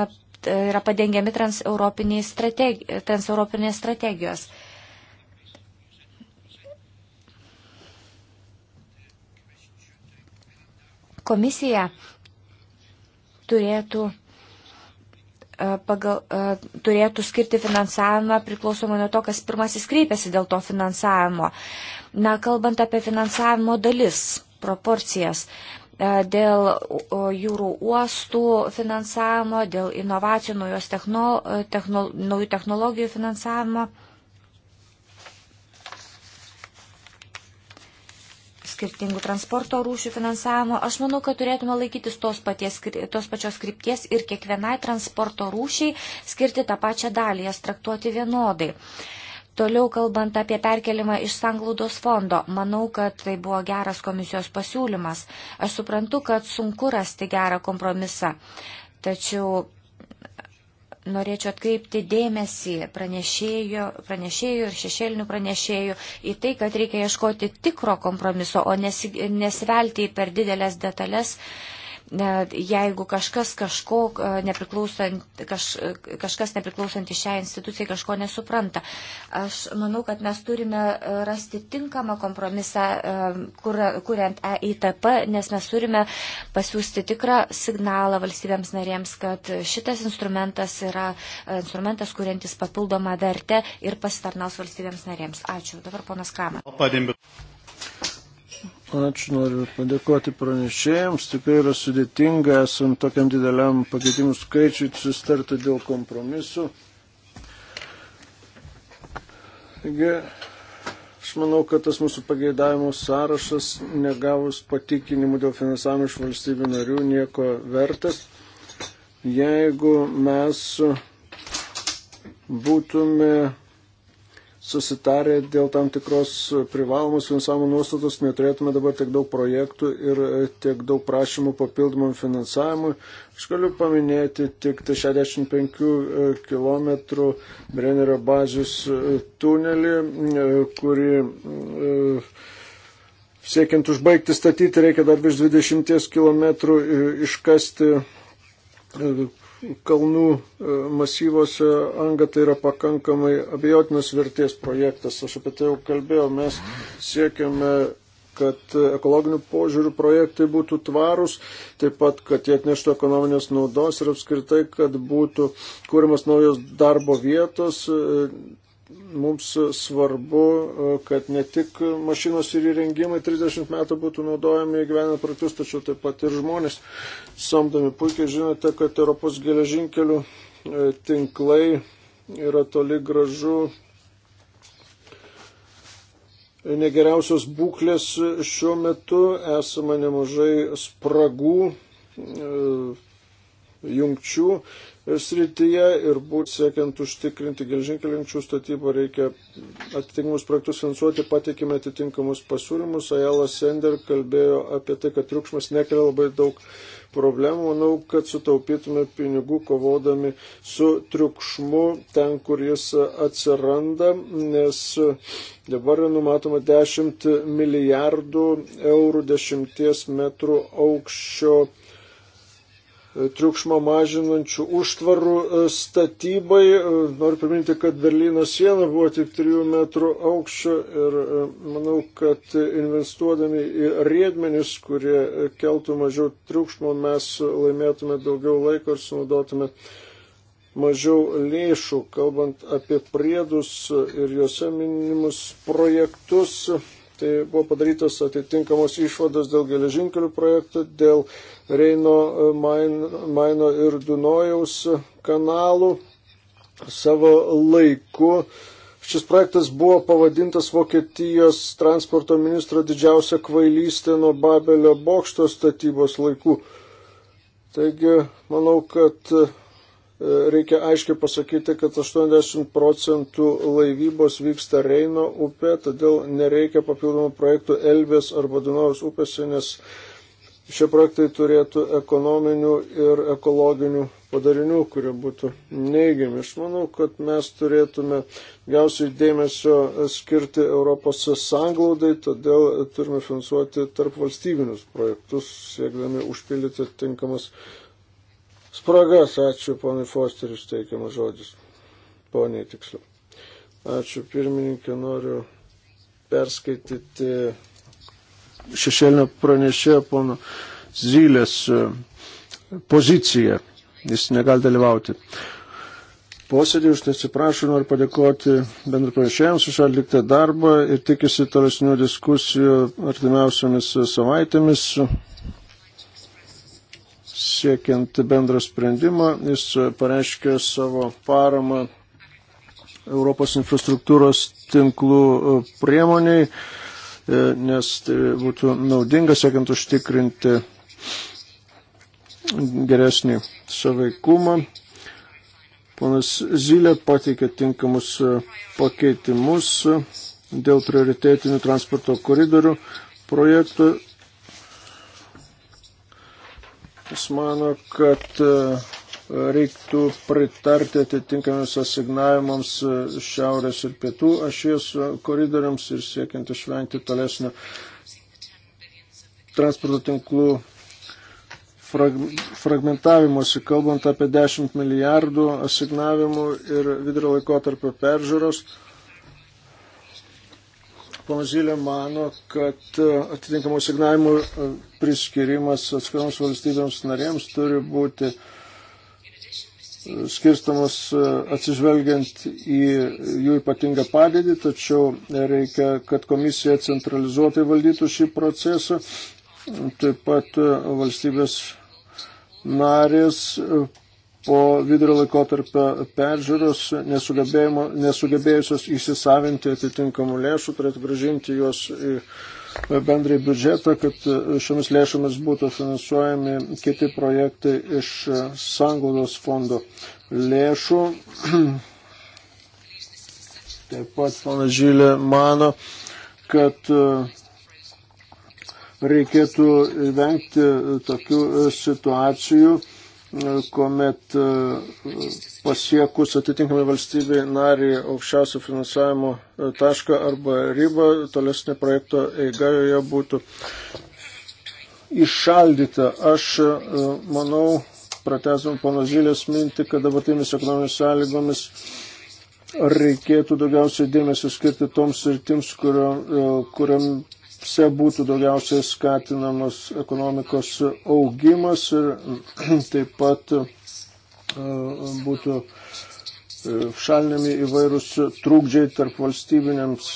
yra padengiami transeuropinės strategi trans strategijos. Komisija turėtų e, pagal, e, turėtų skirti finansavimą priklausomai nuo to, kas pirmasis kreipiasi dėl to finansavimo. Na, kalbant apie finansavimo dalis, proporcijas, e, dėl jūrų uostų finansavimo, dėl inovacijų, naujų technolo, technolo, technologijų finansavimo. skirtingų transporto rūšių finansavimo. Aš manau, kad turėtume laikytis tos, paties, tos pačios krypties ir kiekvienai transporto rūšiai skirti tą pačią dalį, jas traktuoti vienodai. Toliau kalbant apie perkelimą iš sanglaudos fondo, manau, kad tai buvo geras komisijos pasiūlymas. Aš suprantu, kad sunku rasti gerą kompromisą. Tačiau norėčiau atkreipti dėmesį pranešėjų, pranešėjų ir šešėlinių pranešėjų į tai, kad reikia ieškoti tikro kompromiso, o nesivelti į per didelės detalės, uh, jeigu kažkas kažko e, nepriklausant, kaž, e, kažkas nepriklausant iš šią instituciją kažko nesupranta. Aš manau, kad mes turime e, rasti tinkamą kompromisą, kur, kuriant EITP, nes mes turime pasiūsti tikrą signalą valstybėms narėms, kad šitas instrumentas yra instrumentas, kuriantis papildomą vertę ir pasitarnaus valstybėms narėms. Ačiū. Dabar ponas Kramas. Ačiū, noriu padėkoti pranešėjams. Tikrai yra sudėtinga, esant tokiam dideliam pakeitimų skaičiui, sustarti dėl kompromisų. Taigi, aš manau, kad tas mūsų pageidavimų sąrašas, negavus patikinimų dėl finansavimo iš valstybių narių, nieko vertas. Jeigu mes būtume susitarę dėl tam tikros privalomos finansavimo nuostatos, neturėtume dabar tiek daug projektų ir e, tiek daug prašymų papildomam finansavimui. Aš galiu paminėti tik 65 e, km Brennerio bazės e, tunelį, kurį siekiant užbaigti statyti reikia dar virš 20 km iškasti kalnų e, masyvose anga tai yra pakankamai abejotinas vertės projektas. Aš apie tai jau kalbėjau. Mes siekiame, kad ekologinių požiūrių projektai būtų tvarūs, taip pat, kad jie atneštų ekonominės naudos ir apskritai, kad būtų kūrimas naujos darbo vietos, mums svarbu, e, kad ne tik mašinos ir įrengimai 30 metų būtų naudojami įgyvenant projektus, tačiau taip pat ir žmonės samdomi. Puikiai žinote, kad Europos geležinkelių e, tinklai yra toli gražu negeriausios būklės šiuo metu, esama nemažai spragų, e, jungčių srityje ir būt siekiant užtikrinti gelžinkelinčių statybą reikia atitinkamus projektus finansuoti, pateikime atitinkamus pasiūlymus. Ajala Sender kalbėjo apie tai, kad triukšmas nekelia labai daug problemų. Manau, kad sutaupytume pinigų kovodami su triukšmu ten, kur jis atsiranda, nes dabar numatoma 10 milijardų eurų 10 metrų aukščio triukšmo mažinančių užtvarų e, statybai. E, noriu priminti, kad Berlyno siena buvo tik 3 metrų aukščio ir e, manau, kad investuodami į riedmenis, kurie keltų mažiau triukšmo, mes laimėtume daugiau laiko ir sunaudotume mažiau lėšų, kalbant apie priedus ir juose minimus projektus. Tai buvo padarytos atitinkamos išvados dėl geležinkelių projektų, dėl Reino, e, Maino ir Dunojaus kanalų savo laiku. Šis projektas buvo pavadintas Vokietijos transporto ministro didžiausia kvailystė nuo Babelio bokšto statybos laikų. Taigi, manau, kad E, reikia aiškiai pasakyti, kad 80 procentų laivybos vyksta Reino upė, todėl nereikia papildomų projektų Elbės arba Dunojaus upėse, nes šie projektai turėtų ekonominių ir ekologinių padarinių, kurie būtų neigiami. Aš manau, kad mes turėtume gausiai dėmesio skirti Europos sanglaudai, todėl turime finansuoti tarp valstybinius projektus, siekdami užpildyti tinkamas spragas. Ačiū ponui Fosteris teikiamas žodis. Poniai tiksliau. Ačiū pirmininkė, noriu perskaityti šešėlinio pranešėjo pono Zylės e, poziciją. Jis negali dalyvauti posėdį, už tai atsiprašau, noriu padėkoti bendrapranešėjams už atliktą darbą ir tikisi tolesnių diskusijų artimiausiomis savaitėmis siekiant bendrą sprendimą. Jis pareiškė savo paramą Europos infrastruktūros tinklų priemoniai, e, nes tai būtų naudinga siekiant užtikrinti geresnį savaikumą. Ponas Zylė pateikė tinkamus e, pakeitimus e, dėl prioritėtinių transporto koridorių projektų Jis mano, kad e, reiktų pritarti atitinkamiems asignavimams e, šiaurės ir pietų ašies e, koridoriams ir siekiant išvengti tolesnio transporto tinklų fragmentavimuose, kalbant apie 10 milijardų asignavimų ir vidurio laikotarpio peržiūros. Ponas Zylė mano, kad e, atitinkamų signavimų e, priskirimas atskiroms valstybėms narėms turi būti e, skirstamas atsižvelgiant į jų ypatingą padėtį, tačiau reikia, kad komisija centralizuotai valdytų šį procesą. Taip pat valstybės narės po vidurio laikotarpio peržiūros nesugebėjusios įsisavinti atitinkamų lėšų, turėtų gražinti juos į bendrai biudžetą, kad šiomis lėšomis būtų finansuojami kiti projektai iš sanglaudos fondo lėšų. Taip pat pana Žylė mano, kad uh, reikėtų vengti tokių uh, situacijų, kuomet e, pasiekus atitinkamai valstybei narį aukščiausio finansavimo e, tašką arba ribą, tolesnė projekto eiga joje būtų iššaldyta. Aš e, manau, pratesim pono Žylės mintį, kad dabartimis ekonominės sąlygomis reikėtų daugiausiai dėmesio skirti toms sritims, kuriam se būtų daugiausiai skatinamas ekonomikos augimas ir taip pat e, būtų e, šalinami įvairūs trūkdžiai tarp valstybinėms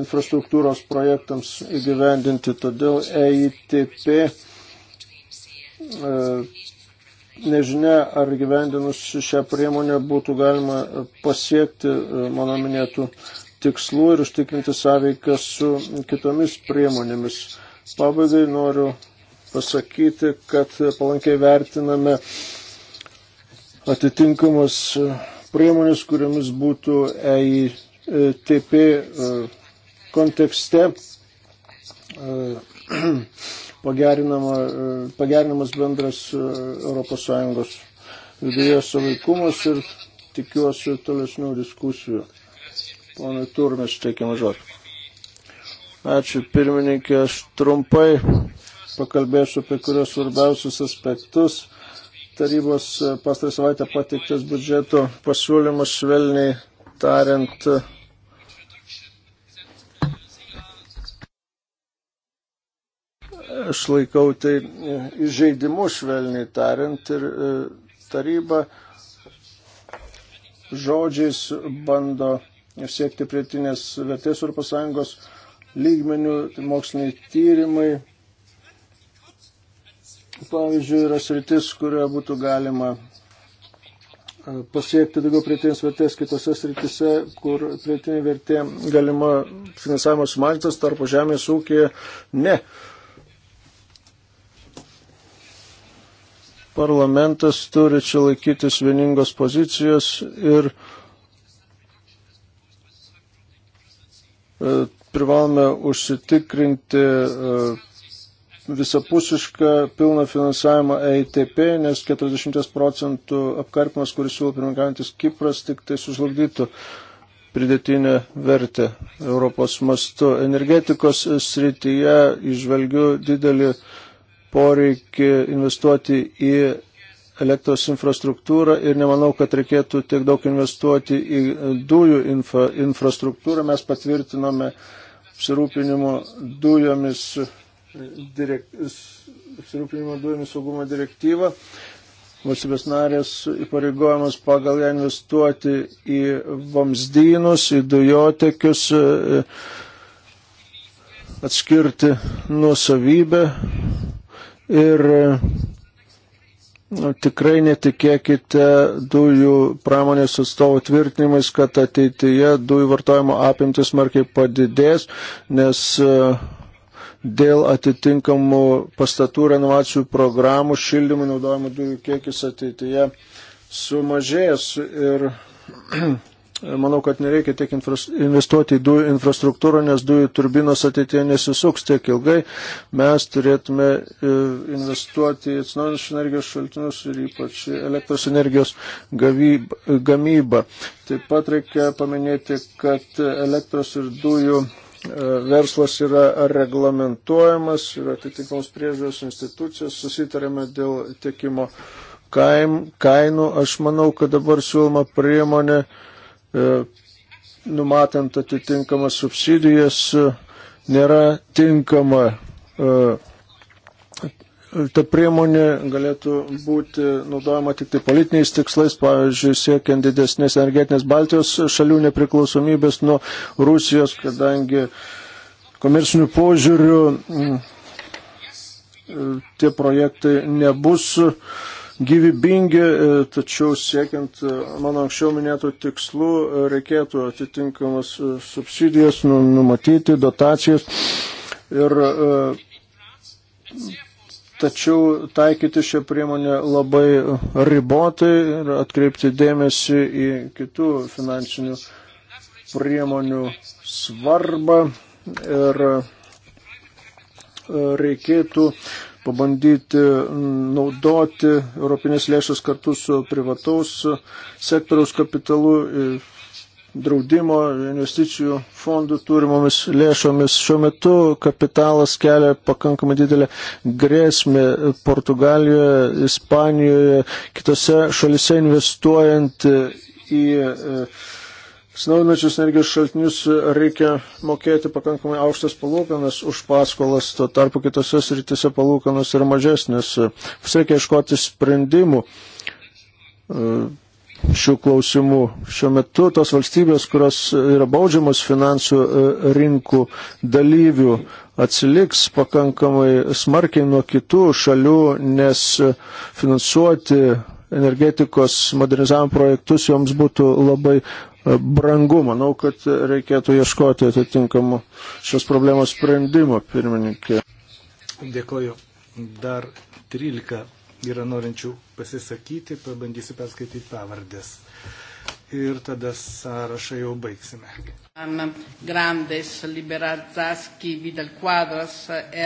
infrastruktūros projektams įgyvendinti. Todėl EITP e, nežinia, ar gyvendinus šią priemonę būtų galima pasiekti mano minėtų tikslų ir užtikrinti sąveiką su kitomis priemonėmis. Pabaigai noriu pasakyti, kad palankiai vertiname atitinkamas priemonės, kuriamis būtų EITP e, kontekste e, pagerinama, e, pagerinamas bendras ES viduje savaikumas ir tikiuosi tolesnių diskusijų. Ponui Turmės teikiamą žodį. Ačiū pirmininkė, aš trumpai pakalbėsiu apie kurios svarbiausius aspektus. Tarybos e, pastarą savaitę pateiktas biudžeto pasiūlymas švelniai tariant. E, aš laikau tai e, įžeidimu švelniai tariant ir taryba žodžiais bando siekti prietinės vertės Europos Sąjungos lygmenių, tai moksliniai tyrimai. Pavyzdžiui, yra sritis, kurioje būtų galima e, pasiekti daugiau prietinės vertės kitose sritise, kur prietinė vertė galima finansavimo sumažintas, tarpo žemės ūkėje ne. Parlamentas turi čia laikytis vieningos pozicijos ir uh, E, privalome užsitikrinti e, visapusišką pilną finansavimą EITP, nes 40 procentų apkarpimas, kuris siūlo pirmininkantis Kipras, tik tai sužlugdytų pridėtinę vertę Europos mastu. Energetikos srityje išvelgiu didelį poreikį investuoti į elektros infrastruktūrą ir nemanau, kad reikėtų tiek daug investuoti į dujų infra, infrastruktūrą. Mes patvirtinome apsirūpinimo dujomis, direk, apsirūpinimo dujomis saugumo direktyvą. Valstybės narės įpareigojamas pagal ją investuoti į vamzdynus, į dujotekius, atskirti nuosavybę ir tikrai netikėkite dujų pramonės atstovų tvirtinimais, kad ateityje dujų vartojimo apimtis markiai padidės, nes e, dėl atitinkamų pastatų renovacijų programų šildymų naudojimo dujų kiekis ateityje sumažės ir Manau, kad nereikia tiek investuoti į dujų infrastruktūrą, nes dujų turbinos ateitie nesisuks tiek ilgai. Mes turėtume e, investuoti į atsinaujinančius energijos šaltinius ir ypač elektros energijos gamybą. Taip pat reikia paminėti, kad elektros ir dujų e, verslas yra reglamentuojamas ir atitinkamos priežiūros institucijos susitarėme dėl tiekimo kainų. Aš manau, kad dabar siūloma priemonė E, numatant atitinkamas subsidijas, e, nėra tinkama. E, ta priemonė galėtų būti naudojama tik tai politiniais tikslais, pavyzdžiui, siekiant didesnės energetinės Baltijos šalių nepriklausomybės nuo Rusijos, kadangi komercinių požiūrių tie projektai nebus uh, gyvybingi, e, tačiau siekiant e, mano anksčiau minėtų tikslų e, reikėtų atitinkamas subsidijas nu, numatyti, dotacijas ir tačiau taikyti šią priemonę labai ribotai ir atkreipti dėmesį į kitų finansinių priemonių svarbą ir reikėtų pabandyti naudoti europinės lėšas kartu su privataus sektoriaus kapitalu, e, draudimo, investicijų fondų turimomis lėšomis. Šiuo metu kapitalas kelia pakankamai didelę grėsmę Portugalijoje, Ispanijoje, kitose šalise investuojant į e, Atsinaujinančius energijos šaltinius reikia mokėti pakankamai aukštas palūkanas už paskolas, tuo tarpu kitose srityse palūkanas yra mažesnės. Vis reikia iškoti sprendimų e, šių klausimų. Šiuo metu tos valstybės, kurios yra baudžiamos finansų e, rinkų dalyvių, atsiliks pakankamai smarkiai nuo kitų šalių, nes finansuoti energetikos modernizavimo projektus joms būtų labai E, brangu. Manau, kad reikėtų ieškoti atitinkamų šios problemos sprendimo, pirmininkė. Dėkoju. Dar 13 yra norinčių pasisakyti, pabandysiu perskaityti pavardės. Ir tada sąrašą jau baigsime. Anna Grandes, Liberazzaski, Vidal Quadras,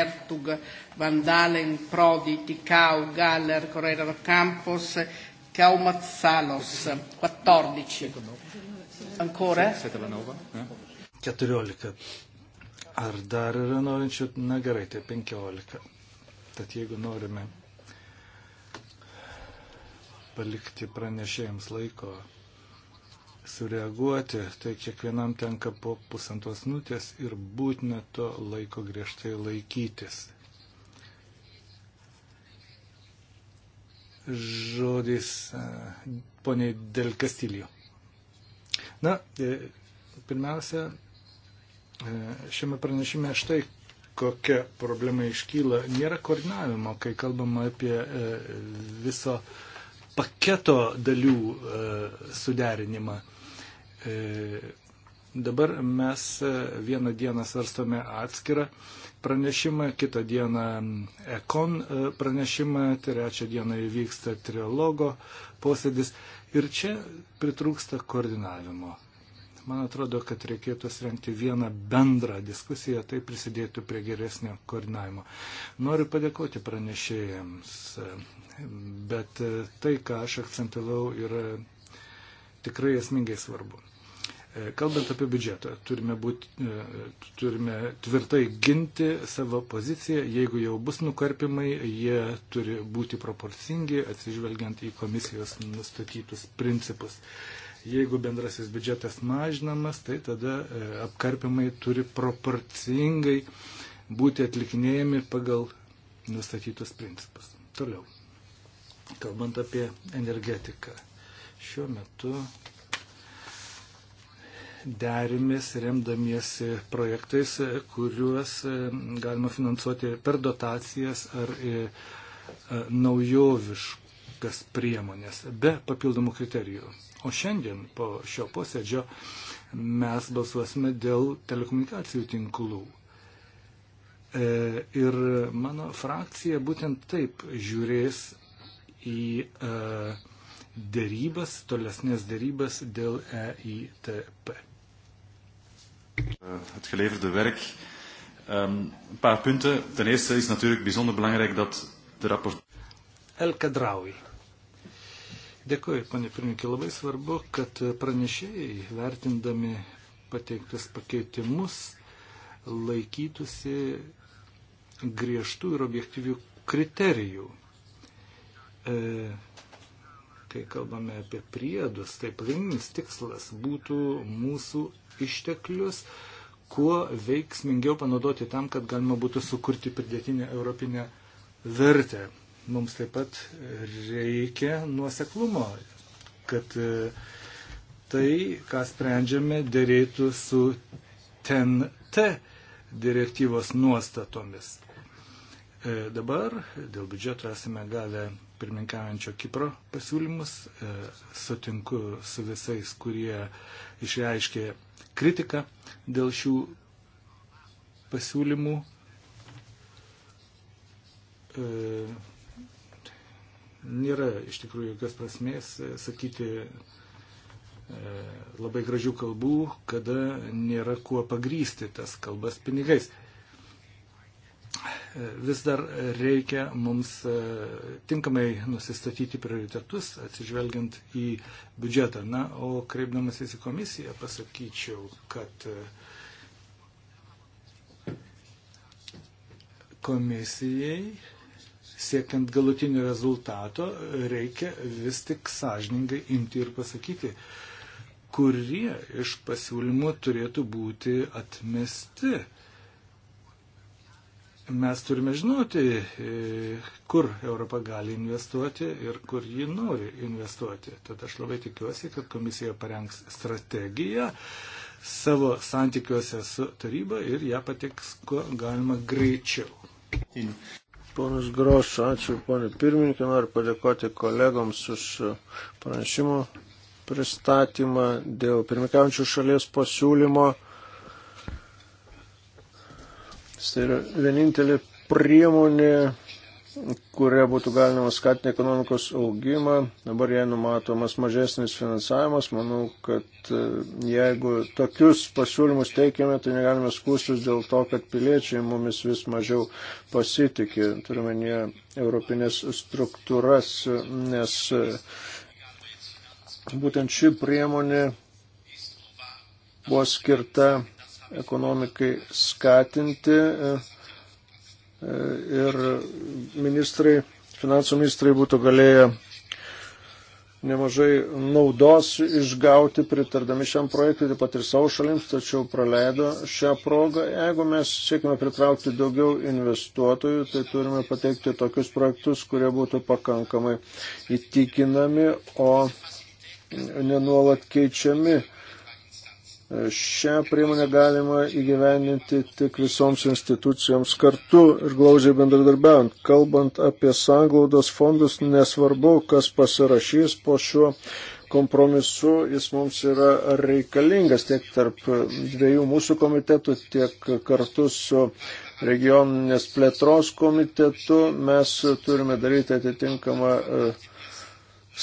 Ertug, Vandalen, Prodi, Ticau, Galler, Correra Campos, Kaumatsalos. 14. Ancora? 14. Ar dar yra norinčių? Na gerai, tai 15. Tad jeigu norime palikti pranešėjams laiko sureaguoti, tai kiekvienam tenka po pusantos minutės ir būtina to laiko griežtai laikytis. Žodis e, poniai Del Castillo. Na, e, pirmiausia, e, šiame pranešime štai kokia problema iškyla. Nėra koordinavimo, kai kalbama apie e, viso paketo dalių suderinimą. Dabar mes vieną dieną svarstome atskirą pranešimą, kitą dieną ekon pranešimą, trečią dieną įvyksta trilogo posėdis. Ir čia pritrūksta koordinavimo. Man atrodo, kad reikėtų surenkti vieną bendrą diskusiją, tai prisidėtų prie geresnio koordinavimo. Noriu padėkoti pranešėjams, bet tai, ką aš akcentavau, yra tikrai esmingai svarbu. E, kalbant apie biudžetą, turime, būt, e, turime tvirtai ginti savo poziciją. Jeigu jau bus nukarpimai, jie turi būti proporcingi, atsižvelgiant į komisijos nustatytus principus. Jeigu bendrasis biudžetas mažinamas, tai tada e, apkarpimai turi proporcingai būti atlikinėjami pagal nustatytus principus. Toliau. Kalbant apie energetiką. Šiuo metu derimės remdamiesi projektais, e, kuriuos e, galima finansuoti per dotacijas ar e, naujoviškas priemonės be papildomų kriterijų. O šiandien po šio posėdžio mes balsuosime dėl telekomunikacijų tinklų. Ir mano frakcija būtent taip žiūrės į dėrybas, tolesnės dėrybas dėl EITP. Eh, het geleverde werk. Um, een paar punten. Ten eerste is natuurlijk bijzonder belangrijk dat de rapport. Elke Draui. Dėkuoju, panė pirmininkė, labai svarbu, kad pranešėjai, vertindami pateiktas pakeitimus, laikytųsi griežtų ir objektyvių kriterijų. E, Kai kalbame apie priedus, tai pagrindinis tikslas būtų mūsų išteklius kuo veiksmingiau panaudoti tam, kad galima būtų sukurti pridėtinę europinę vertę. Mums taip pat reikia nuoseklumo, kad e, tai, ką sprendžiame, dėrėtų su TNT direktyvos nuostatomis. E, dabar dėl biudžeto esame gavę pirmininkaujančio Kipro pasiūlymus. E, sutinku su visais, kurie išreiškė kritiką dėl šių pasiūlymų. E, nėra iš tikrųjų jokios prasmės sakyti e, labai gražių kalbų, kada nėra kuo pagrysti tas kalbas pinigais vis dar reikia mums e, tinkamai nusistatyti prioritetus, atsižvelgiant į biudžetą. Na, o kreipdamasis į komisiją pasakyčiau, kad e, komisijai siekiant galutinio rezultato reikia vis tik sąžiningai imti ir pasakyti, kurie iš pasiūlymų turėtų būti atmesti mes turime žinoti, e, kur Europa gali investuoti ir kur ji nori investuoti. Tad aš labai tikiuosi, kad komisija parengs strategiją savo santykiuose su taryba ir ją patiks kuo galima greičiau. Ponas Gros, ačiū ponė pirmininkė, noriu padėkoti kolegoms už pranešimo pristatymą dėl pirmikaujančių šalies pasiūlymo Tai yra vienintelė priemonė, kuria būtų galima skatinti ekonomikos augimą. Dabar jai numatomas mažesnis finansavimas. Manau, kad e, jeigu tokius pasiūlymus teikiame, tai negalime skūstis dėl to, kad piliečiai mumis vis mažiau pasitikė. Turime ne europinės struktūras, nes e, būtent ši priemonė buvo skirta ekonomikai skatinti e, e, ir ministrai, finansų ministrai būtų galėję nemažai naudos išgauti pritardami šiam projektui, taip pat ir savo šalims, tačiau praleido šią progą. Jeigu mes siekime pritraukti daugiau investuotojų, tai turime pateikti tokius projektus, kurie būtų pakankamai įtikinami, o nenuolat keičiami Šią priemonę galima įgyveninti tik visoms institucijoms kartu ir glaudžiai bendradarbiaujant. Kalbant apie sanglaudos fondus, nesvarbu, kas pasirašys po šiuo kompromisu, jis mums yra reikalingas tiek tarp dviejų mūsų komitetų, tiek kartu su regioninės plėtros komitetu. Mes turime daryti atitinkamą e,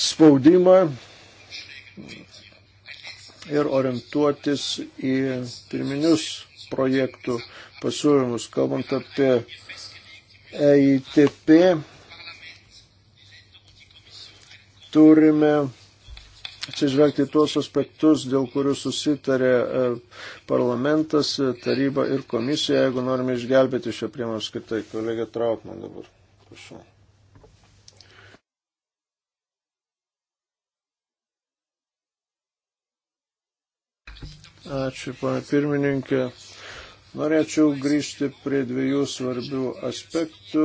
spaudimą ir orientuotis į pirminius projektų pasiūlymus. Kalbant apie EITP, turime atsižvelgti tuos aspektus, dėl kurių susitarė e, parlamentas, e, taryba ir komisija, jeigu norime išgelbėti šią priemonę skirtai. Kolegė Trautman dabar. Prašau. Ačiū, pana pirmininkė. Norėčiau grįžti prie dviejų svarbių aspektų.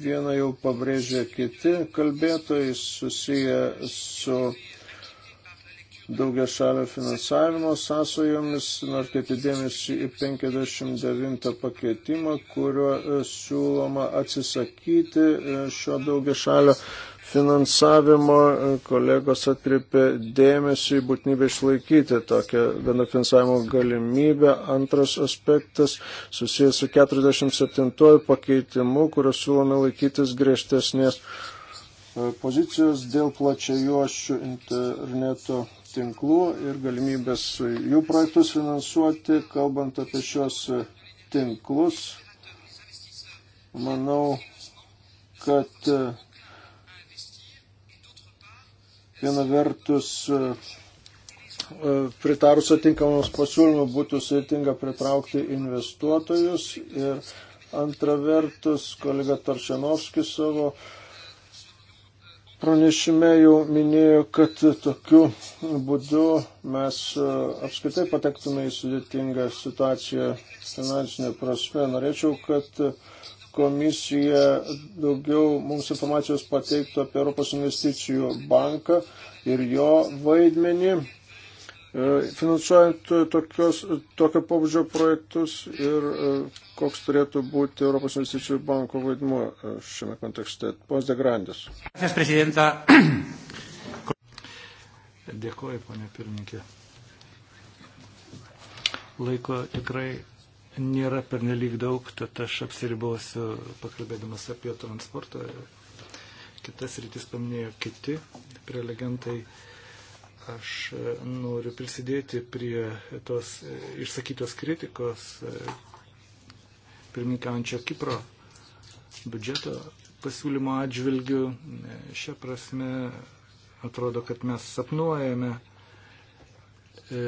Vieną jau pabrėžė kiti kalbėtojai susiję su daugia šalio finansavimo sąsojomis, nors kaip įdėmėsi į 59 pakeitimą, kuriuo siūloma atsisakyti šio daugia šalio finansavimo, kolegos atkreipė dėmesį būtinybę išlaikyti tokią vieno finansavimo galimybę. Antras aspektas susijęs su 47 pakeitimu, kurio siūlome laikytis griežtesnės e, pozicijos dėl plačiajuošių interneto tinklų ir galimybės jų projektus finansuoti, kalbant apie šios tinklus. Manau, kad viena vertus e, e, pritarus atinkamams pasiūlymams būtų sudėtinga pritraukti investuotojus ir antra vertus kolega Taršenovskis savo pranešime jau minėjo, kad tokiu būdu mes e, apskaitai patektume į sudėtingą situaciją finansinę prasme. Norėčiau, kad komisija daugiau mums informacijos pateiktų apie Europos investicijų banką ir jo vaidmenį, e, finansuojant tokios, tokio pobūdžio projektus ir e, koks turėtų būti Europos investicijų banko vaidmuo e, šiame kontekste. Pons de Grandis. Dėkuoju, ponė pirmininkė. Laiko tikrai nėra pernelyg daug, tad aš apsiribosiu pakalbėdamas apie transportą. Kitas rytis paminėjo kiti prelegentai. Aš e, noriu prisidėti prie tos e, išsakytos kritikos e, pirmininkaujančio Kipro biudžeto pasiūlymo atžvilgių. Šią prasme atrodo, kad mes sapnuojame E,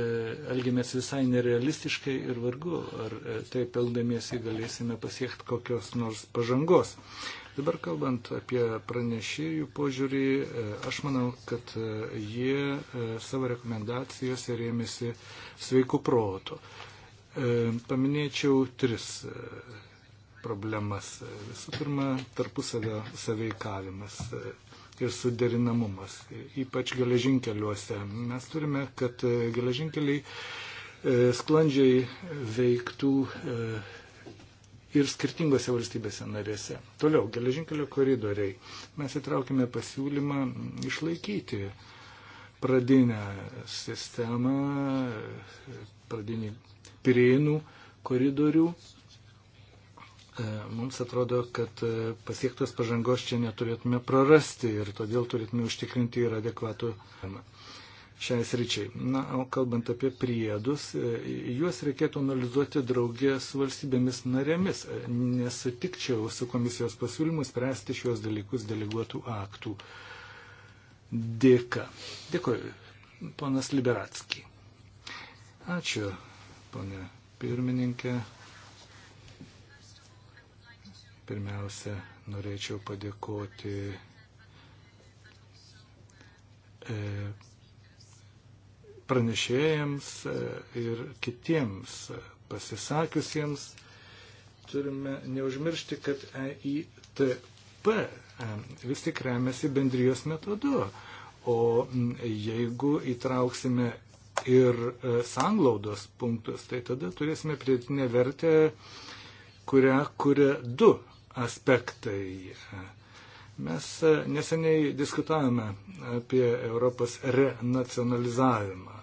elgiamės visai nerealistiškai ir vargu, ar e, taip elgdamiesi galėsime pasiekti kokios nors pažangos. Dabar kalbant apie pranešėjų požiūrį, e, aš manau, kad jie savo rekomendacijose rėmėsi sveiku protu. Paminėčiau tris problemas. Visų pirma, tarpusavio saveikavimas ir suderinamumas, ypač geležinkeliuose. Mes turime, kad e, geležinkeliai e, sklandžiai veiktų e, ir skirtingose valstybėse narėse. Toliau, geležinkelio koridoriai. Mes įtraukime pasiūlymą išlaikyti pradinę sistemą, pradinį pirėnų koridorių E, mums atrodo, kad e, pasiektos pažangos čia neturėtume prarasti ir todėl turėtume užtikrinti ir adekvatų šiai sričiai. Na, o kalbant apie priedus, e, juos reikėtų analizuoti draugė su valstybėmis narėmis. Nesutikčiau su komisijos pasiūlymu spręsti šios dalykus deleguotų aktų dėka. Dėkuoju, ponas Liberatski. Ačiū, ponė pirmininkė. Pirmiausia, norėčiau padėkoti e, pranešėjams e, ir kitiems pasisakiusiems. Turime neužmiršti, kad EITP e, vis tik remiasi bendrijos metodu. O jeigu įtrauksime ir sanglaudos punktus, tai tada turėsime pridėtinę vertę, kurią kuria du aspektai. Mes neseniai diskutavome apie Europos renacionalizavimą.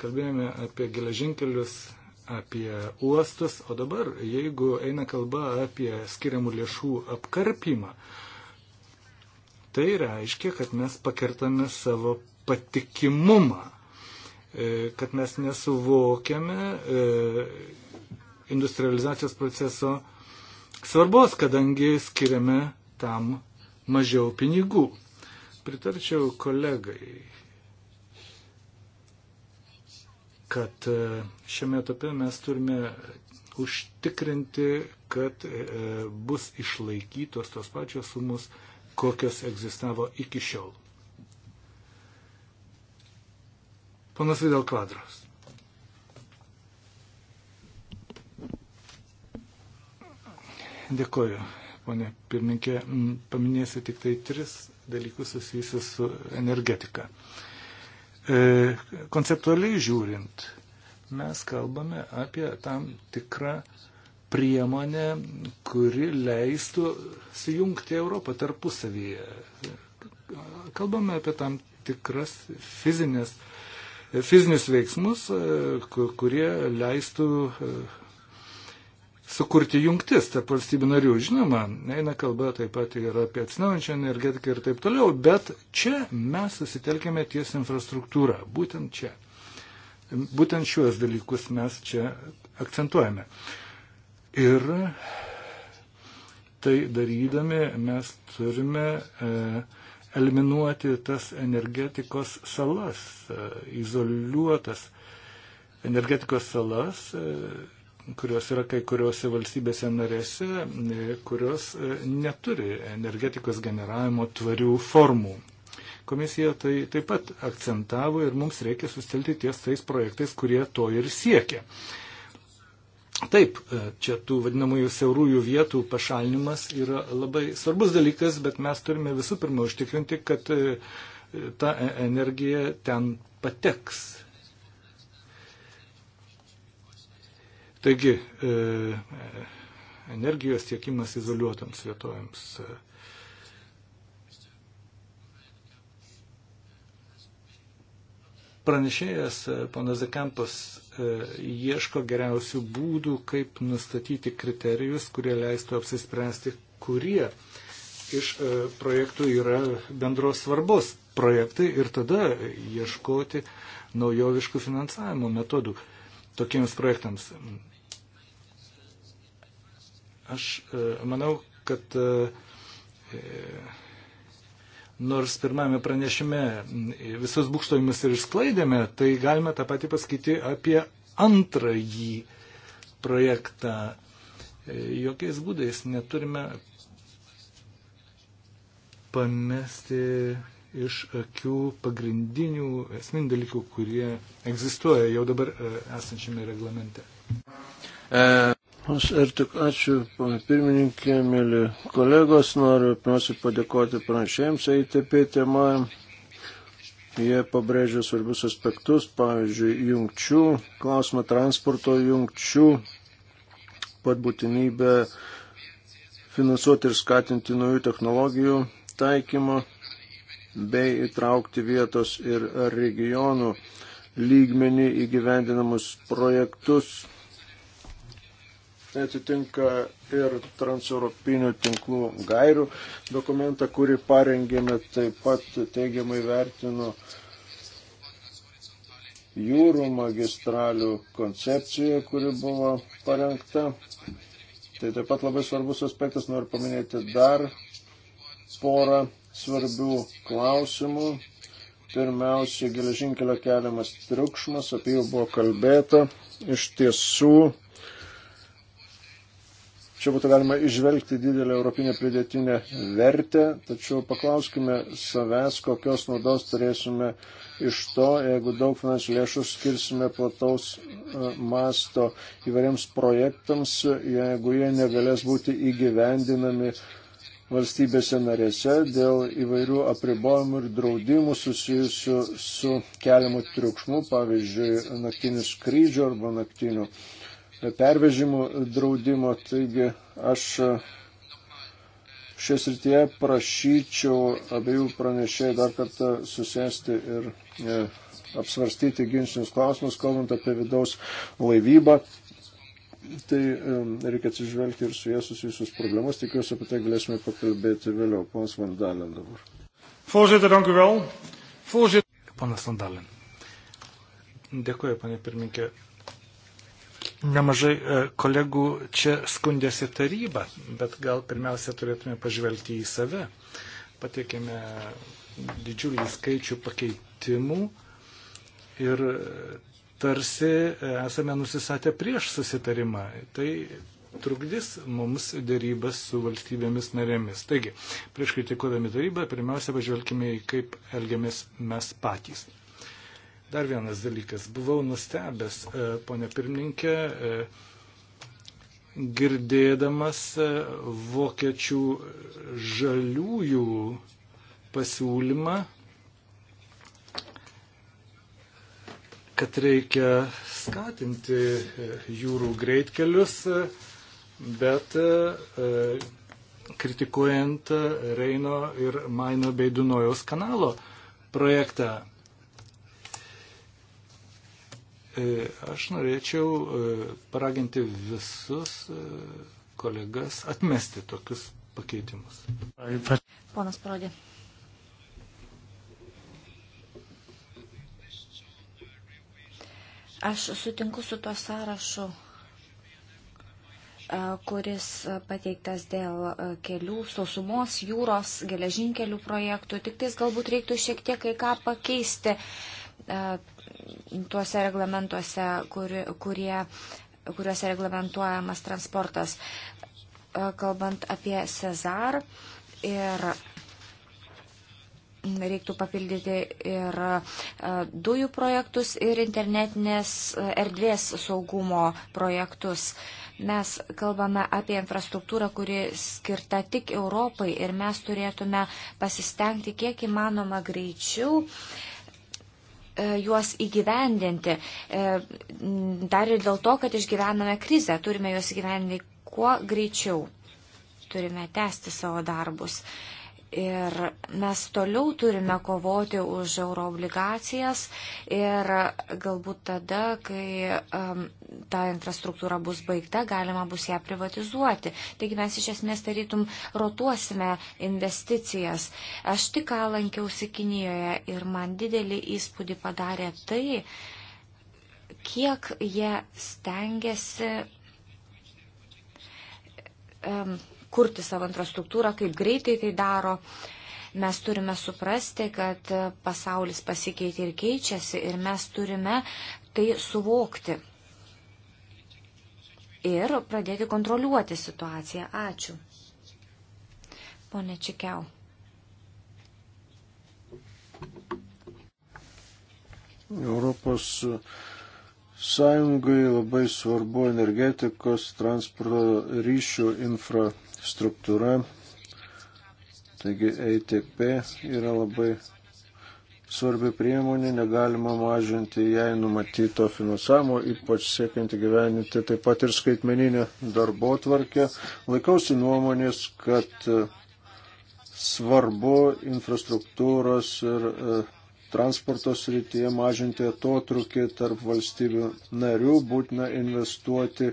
Kalbėjome apie geležinkelius, apie uostus, o dabar, jeigu eina kalba apie skiriamų lėšų apkarpimą, tai reiškia, kad mes pakertame savo patikimumą, e, kad mes nesuvokiame e, industrializacijos proceso svarbos, kadangi skiriame tam mažiau pinigų. Pritarčiau kolegai, kad e, šiame etape mes turime užtikrinti, kad e, bus išlaikytos tos pačios sumus, kokios egzistavo iki šiol. Panas Vidal Kvadras. Dėkoju, ponė pirmininkė. Mm, paminėsiu tik tai tris dalykus susijusius su energetika. E, konceptualiai žiūrint, mes kalbame apie tam tikrą priemonę, kuri leistų sujungti Europą tarpusavyje. Kalbame apie tam tikras fizinės, fizinius veiksmus, e, kurie leistų e, sukurti jungtis tarp valstybių narių. Žinoma, eina kalba taip pat ir apie atsinaujančią energetiką ir taip toliau, bet čia mes susitelkėme ties infrastruktūrą, būtent čia. Būtent šiuos dalykus mes čia akcentuojame. Ir tai darydami mes turime e, eliminuoti tas energetikos salas, e, izoliuotas energetikos salas. E, kurios yra kai kuriuose valstybėse narėse, e, kurios e, neturi energetikos generavimo tvarių formų. Komisija tai taip pat akcentavo ir mums reikia sustelti ties tais projektais, kurie to ir siekia. Taip, e, čia tų vadinamųjų siaurųjų vietų pašalinimas yra labai svarbus dalykas, bet mes turime visų pirma užtikrinti, kad ta energija ten pateks Taigi, e, energijos tiekimas izoliuotams vietojams. E. Pranešėjas e, ponas Zekampas ieško geriausių būdų, kaip nustatyti kriterijus, kurie leistų apsispręsti, kurie iš projektų yra bendros svarbos projektai ir tada ieškoti naujoviškų finansavimo metodų tokiems projektams. Aš e, manau, kad e, e, nors pirmame pranešime visus būkštojimus ir išsklaidėme, tai galime tą patį pasakyti apie antrąjį projektą. Jokiais būdais neturime pamesti iš akių pagrindinių esminių dalykų, kurie egzistuoja jau dabar e, esančiame reglamente. E. Aš ir tik ačiū, pana pirmininkė, mėly kolegos, noriu pirmiausia padėkoti pranešėjams EITP tema. Jie pabrėžia svarbius aspektus, pavyzdžiui, jungčių, klausimą transporto jungčių, pat būtinybę finansuoti ir skatinti naujų technologijų taikymą bei įtraukti vietos ir regionų lygmenį įgyvendinamus projektus. Tai atitinka ir transeuropinių tinklų gairių dokumentą, kurį parengėme, taip pat teigiamai vertino jūrų magistralių koncepcija, kuri buvo parengta. Tai taip pat labai svarbus aspektas, noriu paminėti dar porą svarbių klausimų. Pirmiausia, geležinkelio keliamas triukšmas, apie jį buvo kalbėta. Iš tiesų, čia būtų galima išvelgti didelę europinę pridėtinę vertę, tačiau paklauskime savęs, kokios naudos turėsime iš to, jeigu daug finansinių lėšų skirsime plataus e, masto įvairiems projektams, jeigu jie negalės būti įgyvendinami valstybėse narėse dėl įvairių apribojimų ir draudimų susijusių su keliamu triukšmu, pavyzdžiui, naktinių skrydžių arba naktinių pervežimų draudimo. Taigi aš šią srityje prašyčiau abiejų pranešėjų dar kartą susėsti ir e, apsvarstyti ginčinius klausimus, kalbant apie vidaus laivybą tai reikia atsižvelgti ir su jie susijusius problemas. Tikiuosi, apie tai galėsime pakalbėti vėliau. Ponas Vandalin dabar. Voorzitter, dank u wel. Voorzitter. Ponas Vandalin. Dėkuoju, panė pirminkė. Nemažai e, kolegų čia skundėsi tarybą, bet gal pirmiausia turėtume pažvelgti į save. Patiekėme didžiulį skaičių pakeitimų ir tarsi esame nusisatę prieš susitarimą. Tai trukdys mums dėrybas su valstybėmis narėmis. Taigi, prieš kritikuodami tarybą, pirmiausia, pažvelkime į kaip elgiamės mes patys. Dar vienas dalykas. Buvau nustebęs, e, ponė pirmininkė, e, girdėdamas e, vokiečių žaliųjų pasiūlymą kad reikia skatinti e, jūrų greitkelius, e, bet e, kritikuojant Reino ir Maino bei Dunojaus kanalo projektą. Aš norėčiau paraginti visus kolegas atmesti tokius pakeitimus. Ponas Parodė. Aš sutinku su tuo sąrašu, e, kuris pateiktas dėl e, kelių, sausumos, jūros, geležinkelių projektų. Tik tais galbūt reiktų šiek tiek kai ką pakeisti e, tuose reglamentuose, kuri, kurie, kuriuose reglamentuojamas transportas. Kalbant apie Cezar ir reiktų papildyti ir e, dujų projektus, ir internetinės e, erdvės saugumo projektus. Mes kalbame apie infrastruktūrą, kuri skirta tik Europai ir mes turėtume pasistengti kiek įmanoma greičiau e, juos įgyvendinti. Dar ir dėl to, kad išgyvename krizę, turime juos įgyvendinti kuo greičiau. Turime tęsti savo darbus. Ir mes toliau turime kovoti už euroobligacijas ir galbūt tada, kai um, ta infrastruktūra bus baigta, galima bus ją privatizuoti. Taigi mes iš esmės tarytum rotuosime investicijas. Aš tik ką lankiausi Kinijoje ir man didelį įspūdį padarė tai, kiek jie stengiasi. Um, kurti savo infrastruktūrą, kaip greitai tai daro. Mes turime suprasti, kad pasaulis pasikeitė ir keičiasi ir mes turime tai suvokti ir pradėti kontroliuoti situaciją. Ačiū. Pone Čikiau. Europos Sąjungai labai svarbu energetikos, transporto ryšių infrastruktūra struktūra. Taigi EITP yra labai svarbi priemonė, negalima mažinti jai numatyto finansavimo, ypač siekiant įgyveninti taip pat ir skaitmeninę darbo tvarkę. Laikausi nuomonės, kad svarbu infrastruktūros ir e, transporto srityje, mažinti atotrukį tarp valstybių narių, būtina investuoti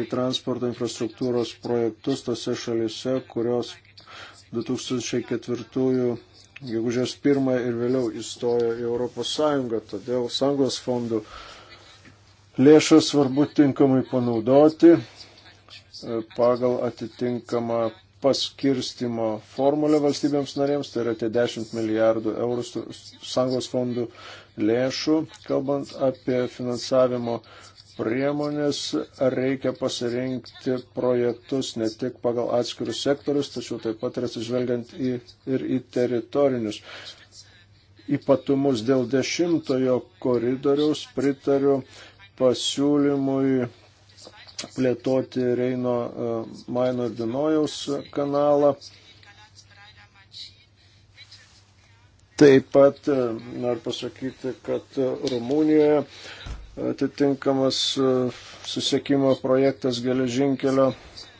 į transporto infrastruktūros projektus tose šalise, kurios 2004 gegužės pirmą ir vėliau įstojo į Europos Sąjungą, todėl Sąjungos fondų lėšas svarbu tinkamai panaudoti e, pagal atitinkamą paskirstimo formulę valstybėms narėms, tai yra tie 10 milijardų eurų sąjungos fondų lėšų. Kalbant apie finansavimo priemonės, reikia pasirinkti projektus ne tik pagal atskirius sektorius, tačiau taip pat ir atsižvelgiant į, ir į teritorinius. Ypatumus dėl dešimtojo koridoriaus pritariu pasiūlymui plėtoti Reino e, Maino ir Dinojaus kanalą. Taip pat e, noriu pasakyti, kad Rumunijoje atitinkamas e, susiekimo projektas geležinkelio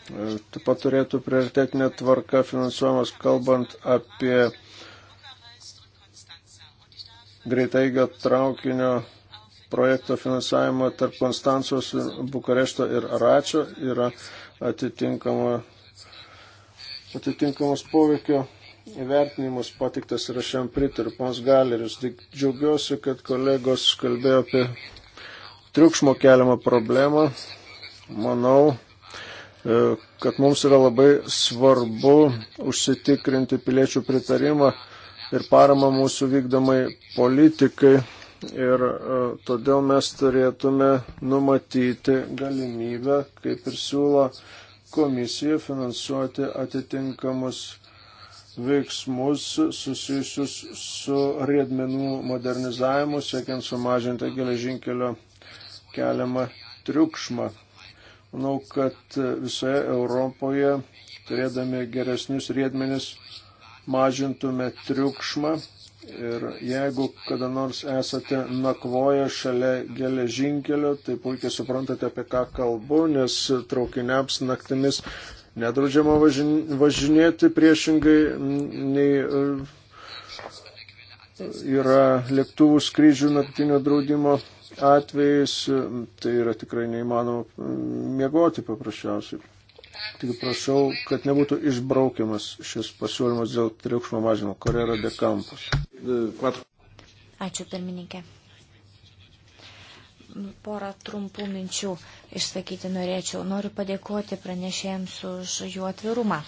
taip pat turėtų prioritetinė tvarka finansuojamas, kalbant apie greitaigio traukinio projekto finansavimo tarp Konstancijos, Bukarešto ir Račio yra atitinkama, atitinkamas poveikio įvertinimus patiktas ir aš jam pritariu, pons Galerius. Tik džiaugiuosi, kad kolegos kalbėjo apie triukšmo keliamą problemą. Manau, e, kad mums yra labai svarbu užsitikrinti piliečių pritarimą ir paramą mūsų vykdomai politikai Ir e, todėl mes turėtume numatyti galimybę, kaip ir siūlo komisija, finansuoti atitinkamus veiksmus susijusius su riedmenų modernizavimu, siekiant sumažinti geležinkelio keliamą triukšmą. Manau, kad visoje Europoje, turėdami geresnius riedmenis, mažintume triukšmą Ir jeigu kada nors esate nakvoję šalia geležinkelio, tai puikiai suprantate, apie ką kalbu, nes traukiniams naktimis nedraudžiama važinėti priešingai nei e, yra lėktuvų skrydžių naktinio draudimo atvejais, tai yra tikrai neįmanoma miegoti paprasčiausiai. Tik prašau, kad nebūtų išbraukiamas šis pasiūlymas dėl triukšmo mažinimo. Korera de Campos. Ačiū, pirmininkė. Porą trumpų minčių išsakyti norėčiau. Noriu padėkoti pranešėjams už jų atvirumą,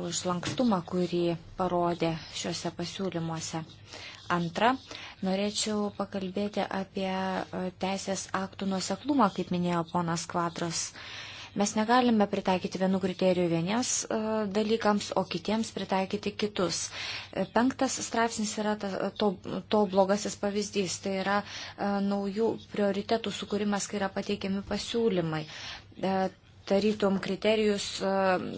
už lankstumą, kurį parodė šiuose pasiūlymuose. Antra, norėčiau pakalbėti apie e, teisės aktų nuoseklumą, kaip minėjo ponas Kvadras. Mes negalime pritaikyti vienų kriterijų vieniems e, dalykams, o kitiems pritaikyti kitus. E, penktas straipsnis yra to, to blogasis pavyzdys, tai yra naujų prioritetų sukūrimas, kai yra pateikiami pasiūlymai tarytum kriterijus, e,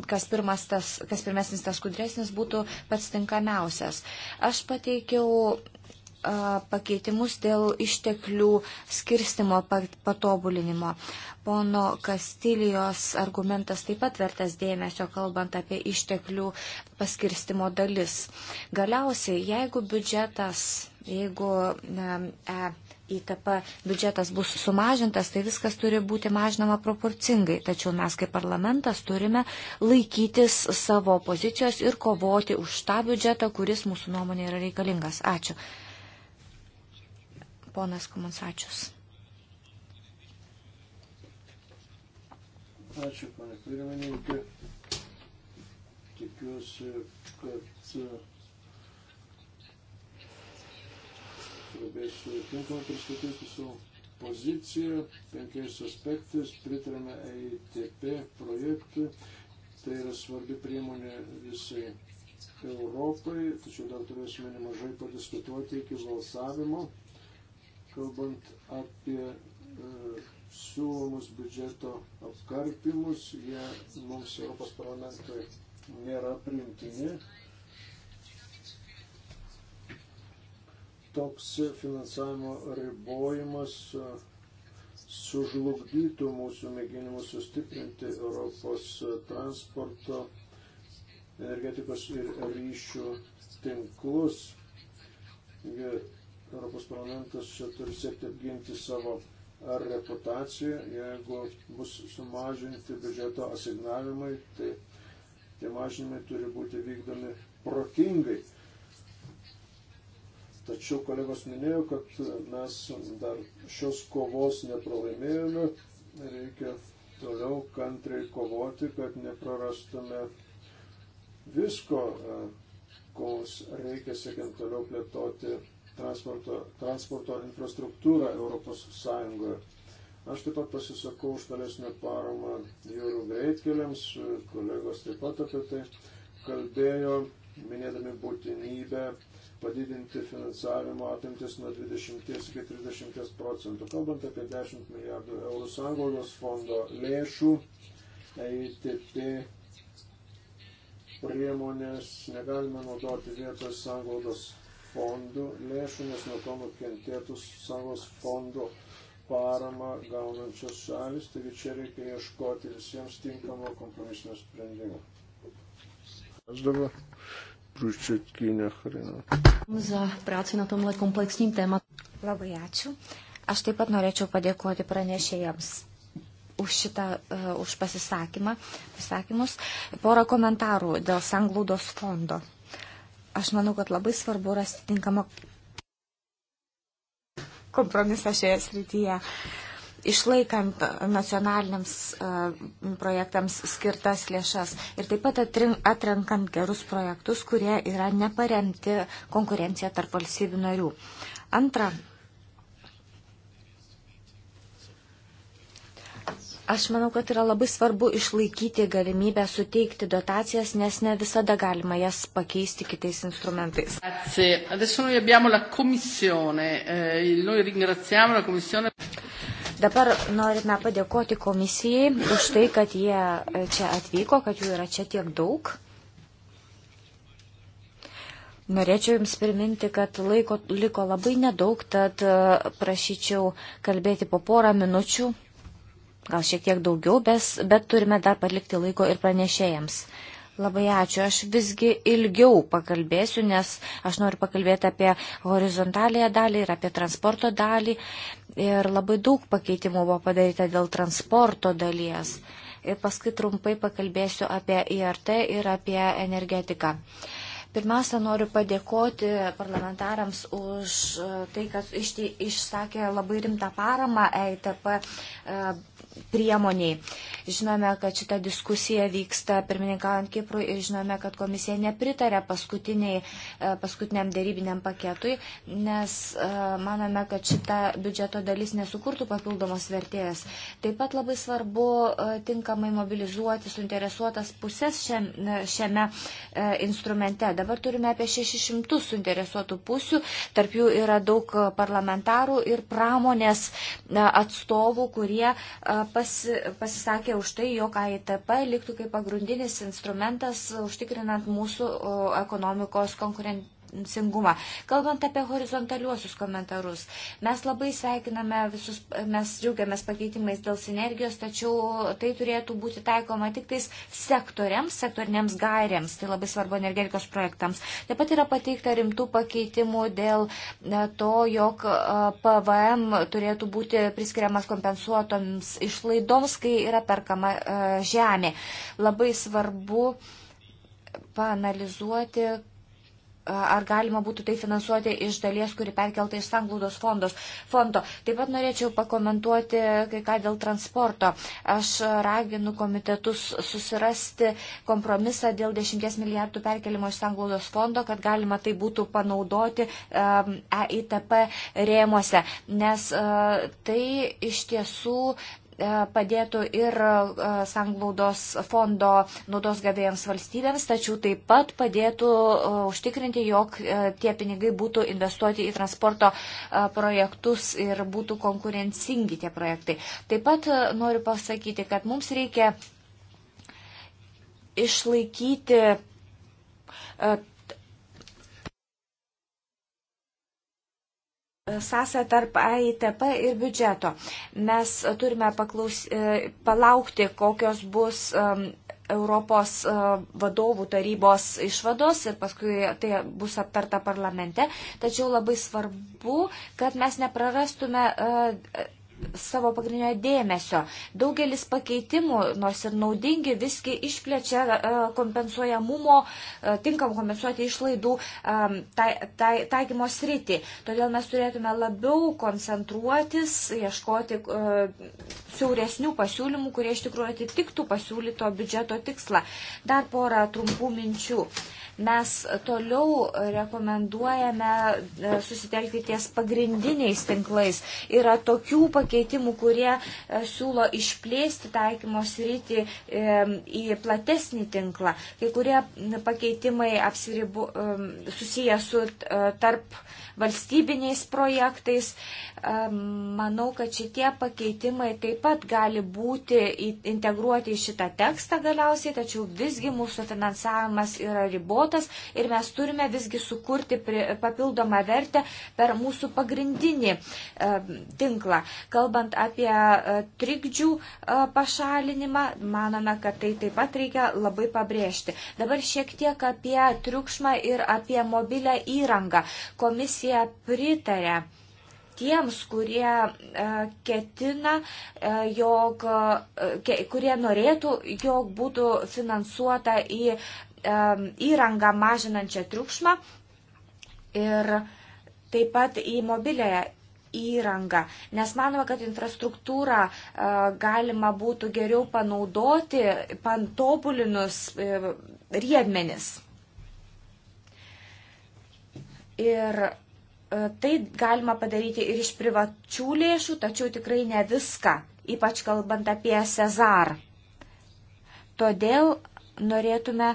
kas, pirmas tas, kas pirmesnis, tas kudresnis būtų pats tinkamiausias. Aš pateikiau e, pakeitimus dėl išteklių skirstimo patobulinimo. Pono Kastilijos argumentas taip pat vertas dėmesio, kalbant apie išteklių paskirstimo dalis. Galiausiai, jeigu biudžetas, jeigu e, e ITP biudžetas bus sumažintas, tai viskas turi būti mažinama proporcingai. Tačiau mes kaip parlamentas turime laikytis savo pozicijos ir kovoti už tą biudžetą, kuris mūsų nuomonė yra reikalingas. Ačiū. Ponas Komansačius. Ačiū, ponė pirmininkė. Tikiuosi, kad sugebėsiu tinkamai pristatyti savo poziciją penkiais aspektais, pritarėme EITP projektui, tai yra svarbi priemonė visai Europai, tačiau dar turėsime nemažai padiskutuoti iki balsavimo, kalbant apie e, siūlomus biudžeto apkarpimus, jie mums Europos parlamentui nėra priimtini. toks finansavimo ribojimas e, sužlugdytų mūsų mėginimus sustiprinti Europos e, transporto, energetikos ir ryšių tinklus. Europos parlamentas čia turi siekti apginti savo reputaciją, jeigu bus sumažinti biudžeto asignavimai, tai tie mažinimai turi būti vykdomi protingai. Tačiau kolegos minėjo, kad mes dar šios kovos nepralaimėjome, reikia toliau kantriai kovoti, kad neprarastume visko, e, ko mums reikia, siekiant toliau plėtoti transporto, transporto infrastruktūrą Europos Sąjungoje. Aš taip pat pasisakau už tolesnę paramą jūrų greitkeliams, kolegos taip pat apie tai kalbėjo, minėdami būtinybę padidinti finansavimo apimtis nuo 20 iki 30 procentų. Kalbant apie 10 milijardų eurų sanglaudos fondo lėšų, EITP priemonės negalime naudoti vietoj sanglaudos fondų lėšų, nes nuo to nukentėtų sanglaus fondo parama gaunančios šalis, taigi čia reikia ieškoti visiems tinkamo kompromisinio sprendimo. Aš dabar Pruščetkinė Harina. Za práci na tomhle kompleksinį temą. Labai ačiū. Aš taip pat norėčiau padėkoti pranešėjams už šitą, uh, eh, už pasisakymą, pasakymus. Porą komentarų dėl sanglaudos fondo. Aš manau, kad labai svarbu rasti tinkamą kompromisą šioje srityje. Uh, išlaikant nacionaliniams e, projektams skirtas lėšas ir taip pat atrenkant gerus projektus, kurie yra neparemti konkurencija tarp valstybių narių. Antra, Aš manau, kad yra labai svarbu išlaikyti galimybę suteikti dotacijas, nes ne visada galima jas pakeisti kitais instrumentais. Ačiū. Adesso noi abbiamo la komisione. Eh, noi ringraziamo la komisione. Dabar norime padėkoti komisijai už tai, kad jie e, čia atvyko, kad jų yra čia tiek daug. Norėčiau Jums priminti, kad laiko liko labai nedaug, tad e, prašyčiau kalbėti po porą minučių, gal šiek tiek daugiau, bes, bet turime dar palikti laiko ir pranešėjams. Labai ačiū. Aš visgi ilgiau pakalbėsiu, nes aš noriu pakalbėti apie horizontalėje dalį ir apie transporto dalį. Ir labai daug pakeitimų buvo padaryta dėl transporto dalies. Ir paskui trumpai pakalbėsiu apie IRT ir apie energetiką. Pirmiausia, noriu padėkoti parlamentarams už e, tai, kad išsakė labai rimtą paramą EITP e, priemoniai. Žinome, kad šita diskusija vyksta pirmininkaujant Kiprui ir žinome, kad komisija nepritarė e, paskutiniam dėrybiniam paketui, nes e, manome, kad šita biudžeto dalis nesukurtų papildomos vertėjas. Taip pat labai svarbu e, tinkamai mobilizuoti suinteresuotas pusės šiame, šiame instrumente. Dabar turime apie 600 suinteresuotų pusių, tarp jų yra daug parlamentarų ir pramonės atstovų, kurie pasi, pasisakė už tai, jog AITP liktų kaip pagrindinis instrumentas užtikrinant mūsų ekonomikos konkurenciją proporcingumą. Kalbant apie horizontaliuosius komentarus, mes labai sveikiname visus, mes džiaugiamės pakeitimais dėl sinergijos, tačiau tai turėtų būti taikoma tik tais sektoriams, sektoriniams gairiams, tai labai svarbu energetikos projektams. Taip pat yra pateikta rimtų pakeitimų dėl e, to, jog e, PVM turėtų būti priskiriamas kompensuotoms išlaidoms, kai yra perkama e, žemė. Labai svarbu paanalizuoti, ar galima būtų tai finansuoti iš dalies, kuri perkelta iš sanglaudos fondos, fondo. Taip pat norėčiau pakomentuoti kai ką dėl transporto. Aš raginu komitetus susirasti kompromisą dėl 10 milijardų perkelimo iš sanglaudos fondo, kad galima tai būtų panaudoti EITP e rėmuose, nes e, tai iš tiesų E, padėtų ir e, sanglaudos fondo naudos gavėjams valstybėms, tačiau taip pat padėtų e, užtikrinti, jog tie pinigai būtų investuoti į transporto projektus ir būtų konkurencingi tie projektai. Taip pat noriu pasakyti, kad mums reikia išlaikyti sąsą tarp AITP ir biudžeto. Mes turime paklaus, e, palaukti, kokios bus Europos e, vadovų tarybos išvados ir paskui tai bus aptarta parlamente. Tačiau labai svarbu, kad mes neprarastume e, savo pagrindinio dėmesio. Daugelis pakeitimų, nors ir naudingi, visgi išplečia e, kompensuojamumo, e, tinkamų kompensuoti išlaidų e, tai, tai, taikymo sritį. Todėl mes turėtume labiau koncentruotis, ieškoti siauresnių pasiūlymų, kurie iš tikrųjų atitiktų pasiūlyto biudžeto tikslą. Dar porą trumpų minčių. Uh, Mes toliau rekomenduojame e, susitelkti ties pagrindiniais tinklais. Yra tokių pakeitimų, kurie e, siūlo išplėsti taikymo sritį e, į platesnį tinklą. Kai kurie pakeitimai apsiribu, susiję su tarp valstybiniais projektais. Manau, kad šitie pakeitimai taip pat gali būti integruoti į šitą tekstą galiausiai, tačiau visgi mūsų finansavimas yra ribojamas ribotas ir mes turime visgi sukurti papildomą vertę per mūsų pagrindinį e, tinklą. Kalbant apie e, trikdžių e, pašalinimą, manome, kad tai taip pat reikia labai pabrėžti. Dabar šiek tiek apie triukšmą ir apie mobilę įrangą. Komisija pritarė tiems, kurie ketina, jog, kurie norėtų, jog būtų finansuota į įrangą mažinančią triukšmą ir taip pat į mobilę įrangą, nes manoma, kad infrastruktūrą e, galima būtų geriau panaudoti pantobulinus e, riedmenis. Ir e, tai galima padaryti ir iš privačių lėšų, tačiau tikrai ne viską, ypač kalbant apie Cezar. Todėl norėtume,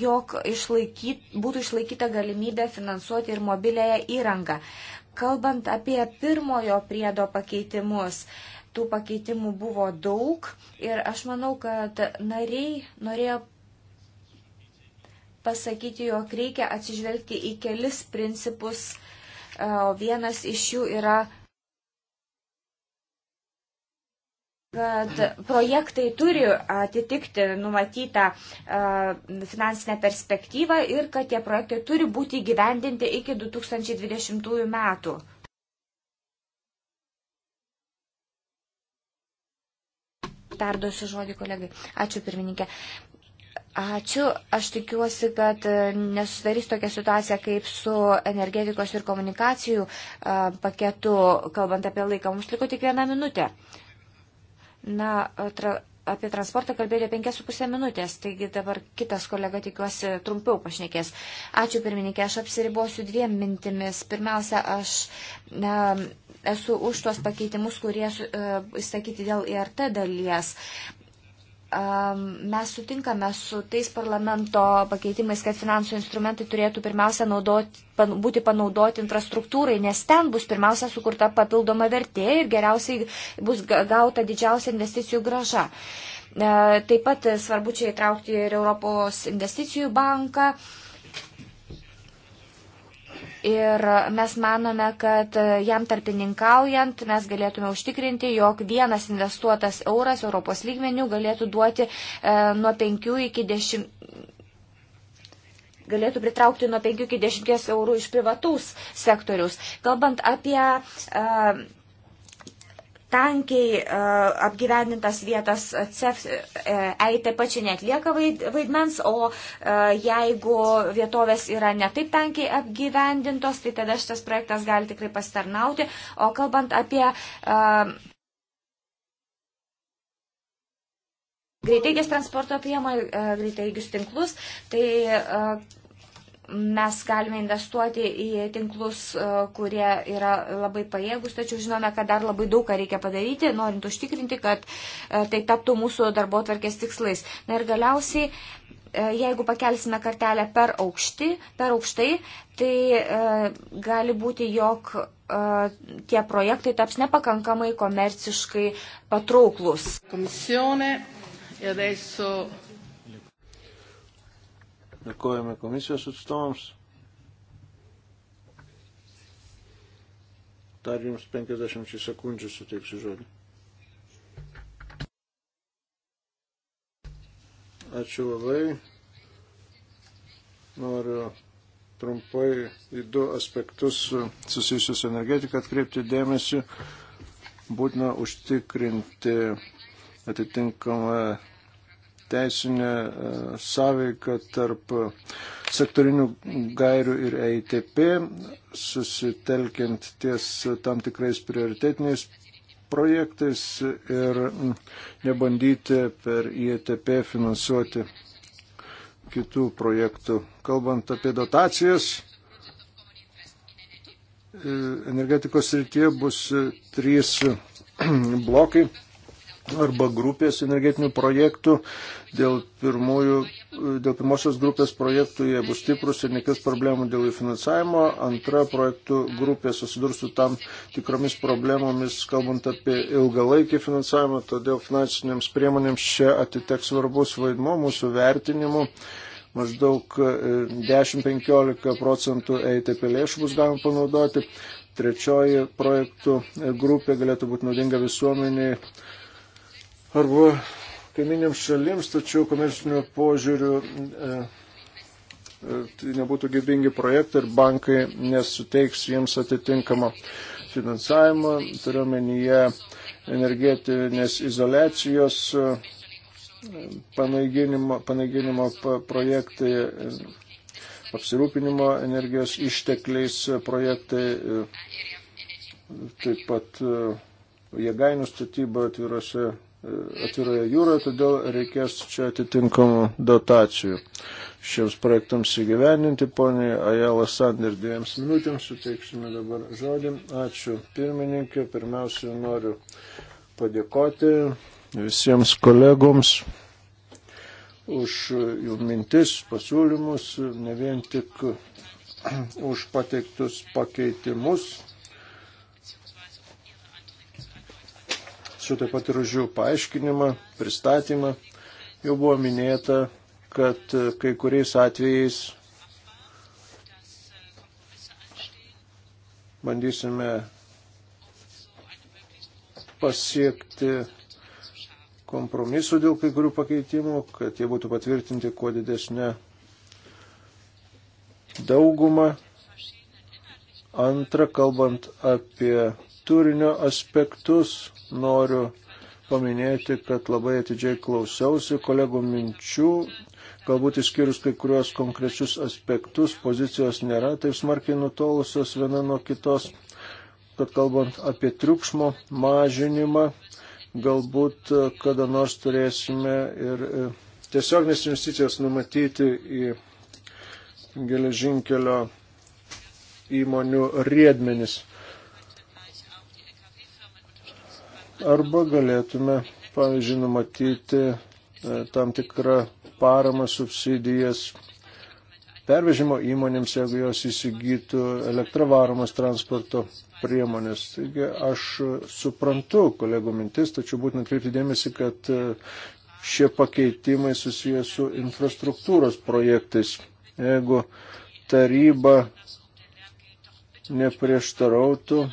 jog išlaikyt, būtų išlaikyta galimybė finansuoti ir mobilėją įrangą. Kalbant apie pirmojo priedo pakeitimus, tų pakeitimų buvo daug ir aš manau, kad nariai norėjo pasakyti, jog reikia atsižvelgti į kelis principus. Vienas iš jų yra kad projektai turi atitikti numatytą e, finansinę perspektyvą ir kad tie projektai turi būti įgyvendinti iki 2020 metų. Perduosiu žodį kolegai. Ačiū pirmininkė. Ačiū. Aš tikiuosi, kad nesusidarys tokia situacija kaip su energetikos ir komunikacijų e, paketu, kalbant apie laiką. Mums liko tik viena minutė. Uh, Na, tra, apie transportą kalbėjote 5,5 minutės, taigi dabar kitas kolega tikiuosi trumpiau pašnekės. Ačiū pirmininkė, aš apsiribosiu dviem mintimis. Pirmiausia, aš ne, esu už tuos pakeitimus, kurie e, įsakyti dėl IRT dalies mes sutinkame su tais parlamento pakeitimais, kad finansų instrumentai turėtų pirmiausia naudoti, pan, būti panaudoti infrastruktūrai, nes ten bus pirmiausia sukurta papildoma vertė ir geriausiai bus gauta didžiausia investicijų graža. E, taip pat svarbu čia įtraukti ir Europos investicijų banką. Ir mes manome, kad jam tarpininkaujant mes galėtume užtikrinti, jog vienas investuotas euras Europos lygmenių galėtų duoti e, nuo 5 iki 10 galėtų pritraukti nuo 5 iki 10 eurų iš privataus sektoriaus. Kalbant apie uh, e, tankiai e, apgyvendintas vietas CEF EIT e pačiai netlieka vaidmens, o e, jeigu vietovės yra netaip tankiai apgyvendintos, tai tada šitas projektas gali tikrai pasitarnauti. O kalbant apie greitaigės transporto priemonių, greitaigės tinklus, tai mes galime investuoti į tinklus, e, kurie yra labai pajėgus, tačiau žinome, kad dar labai daug ką reikia padaryti, norint užtikrinti, kad e, tai taptų mūsų darbo tvarkės tikslais. Na ir galiausiai, e, jeigu pakelsime kartelę per, aukšti, per aukštai, tai gali būti, jog tie projektai taps nepakankamai komerciškai patrauklus. Komisione, adesso... Dėkojame komisijos atstovams. Dar jums 50 sekundžių suteiksiu žodį. Ačiū labai. Noriu trumpai į du aspektus susijusius energetiką atkreipti dėmesį. Būtina užtikrinti atitinkamą teisinė e, sąveika tarp sektorinių gairių ir EITP, susitelkiant ties tam tikrais prioritetiniais projektais ir nebandyti per e IETP finansuoti kitų projektų. Kalbant apie dotacijas, e, energetikos srityje bus trys blokai arba grupės energetinių projektų. Dėl, pirmųjų, dėl pirmosios grupės projektų jie bus stiprus ir nekils problemų dėl jų finansavimo. Antra projektų grupė susidurs su tam tikromis problemomis, kalbant apie ilgalaikį finansavimą, todėl finansinėms priemonėms čia atiteks svarbus vaidmo mūsų vertinimu. Maždaug 10-15 e, procentų EITP lėšų bus galima panaudoti. Trečioji projektų e, grupė galėtų būti naudinga visuomeniai arba kaiminėms šalims, tačiau komercinių požiūrių e, e, tai nebūtų gyvybingi projektai ir bankai nesuteiks jiems atitinkamą finansavimą, turiuomenyje energetinės izolacijos e, panaiginimo, panaiginimo projektai, e, apsirūpinimo energijos ištekliais projektai, taip pat jėgainių statyba atvirose atviroje jūroje, todėl reikės čia atitinkamų dotacijų šiems projektams įgyveninti. Poniai Ajala Sander dviems minutėms suteiksime dabar žodį. Ačiū pirmininkė. Pirmiausia, noriu padėkoti visiems kolegoms už jų mintis, pasiūlymus, ne vien tik už pateiktus pakeitimus tačiau taip pat ir už jų paaiškinimą, pristatymą. Jau buvo minėta, kad e, kai kuriais atvejais bandysime pasiekti kompromisų dėl kai kurių pakeitimų, kad jie būtų patvirtinti kuo didesnė dauguma. Antra, kalbant apie turinio aspektus, noriu paminėti, kad labai atidžiai klausiausi kolegų minčių, galbūt išskyrus kai kuriuos konkrečius aspektus, pozicijos nėra taip smarkiai nutolusios viena nuo kitos, kad kalbant apie triukšmo mažinimą, galbūt e, kada nors turėsime ir e, tiesioginės investicijas numatyti į geležinkelio įmonių riedmenis. Arba galėtume, pavyzdžiui, numatyti e, tam tikrą paramą subsidijas pervežimo įmonėms, jeigu jos įsigytų elektravaromas transporto priemonės. Taigi aš suprantu kolegų mintis, tačiau būtent kreipti dėmesį, kad e, šie pakeitimai susijęs su infrastruktūros projektais. Jeigu taryba neprieštarautų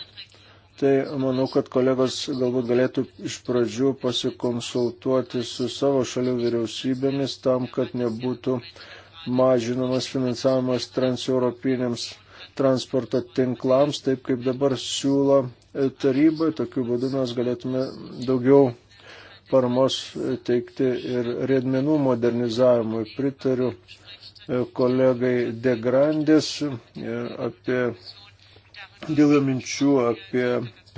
tai manau, kad kolegos galbūt galėtų iš pradžių pasikonsultuoti su savo šalių vyriausybėmis tam, kad nebūtų mažinamas finansavimas transeuropiniams transporto tinklams, taip kaip dabar siūlo e, taryba. Tokiu būdu mes galėtume daugiau paramos e, teikti ir riedmenų modernizavimui. Pritariu e, kolegai Degrandės apie dėl jo minčių apie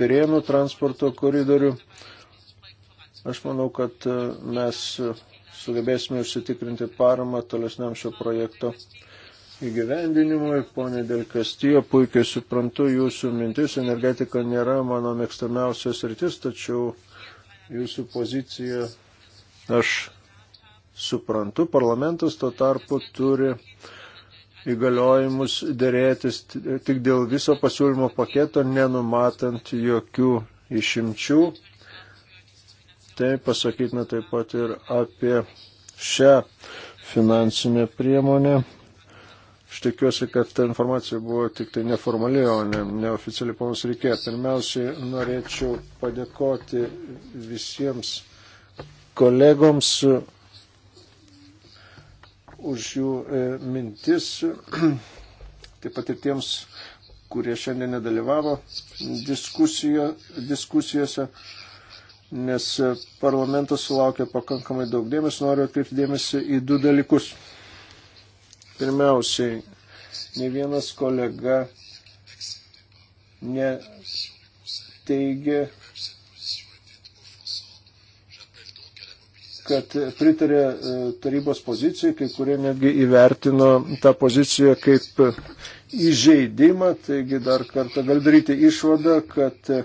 Pirėnų transporto koridorių. Aš manau, kad e, mes sugebėsime užsitikrinti paramą tolesniam šio projekto įgyvendinimui. Pone Del Kastijo, puikiai suprantu jūsų mintis, energetika nėra mano mėgstamiausias rytis, tačiau jūsų poziciją aš suprantu. Parlamentas tuo tarpu turi uh, įgaliojimus dėrėtis tik dėl viso pasiūlymo paketo, nenumatant jokių išimčių. Tai pasakytina taip pat ir apie šią finansinę priemonę. Aš tikiuosi, kad ta informacija buvo tik tai neformali, o ne, neoficiali ponas reikėjo. Pirmiausiai norėčiau padėkoti visiems kolegoms už jų e, mintis, taip pat ir tiems, kurie šiandien nedalyvavo diskusijo, diskusijose, nes e, parlamentas sulaukė pakankamai daug dėmesio. Noriu atkreipti dėmesį į du dalykus. Pirmiausiai, ne vienas kolega neteigė, kad pritarė e, tarybos pozicijai, kai kurie netgi įvertino tą poziciją kaip įžeidimą, taigi dar kartą gal daryti išvadą, kad e,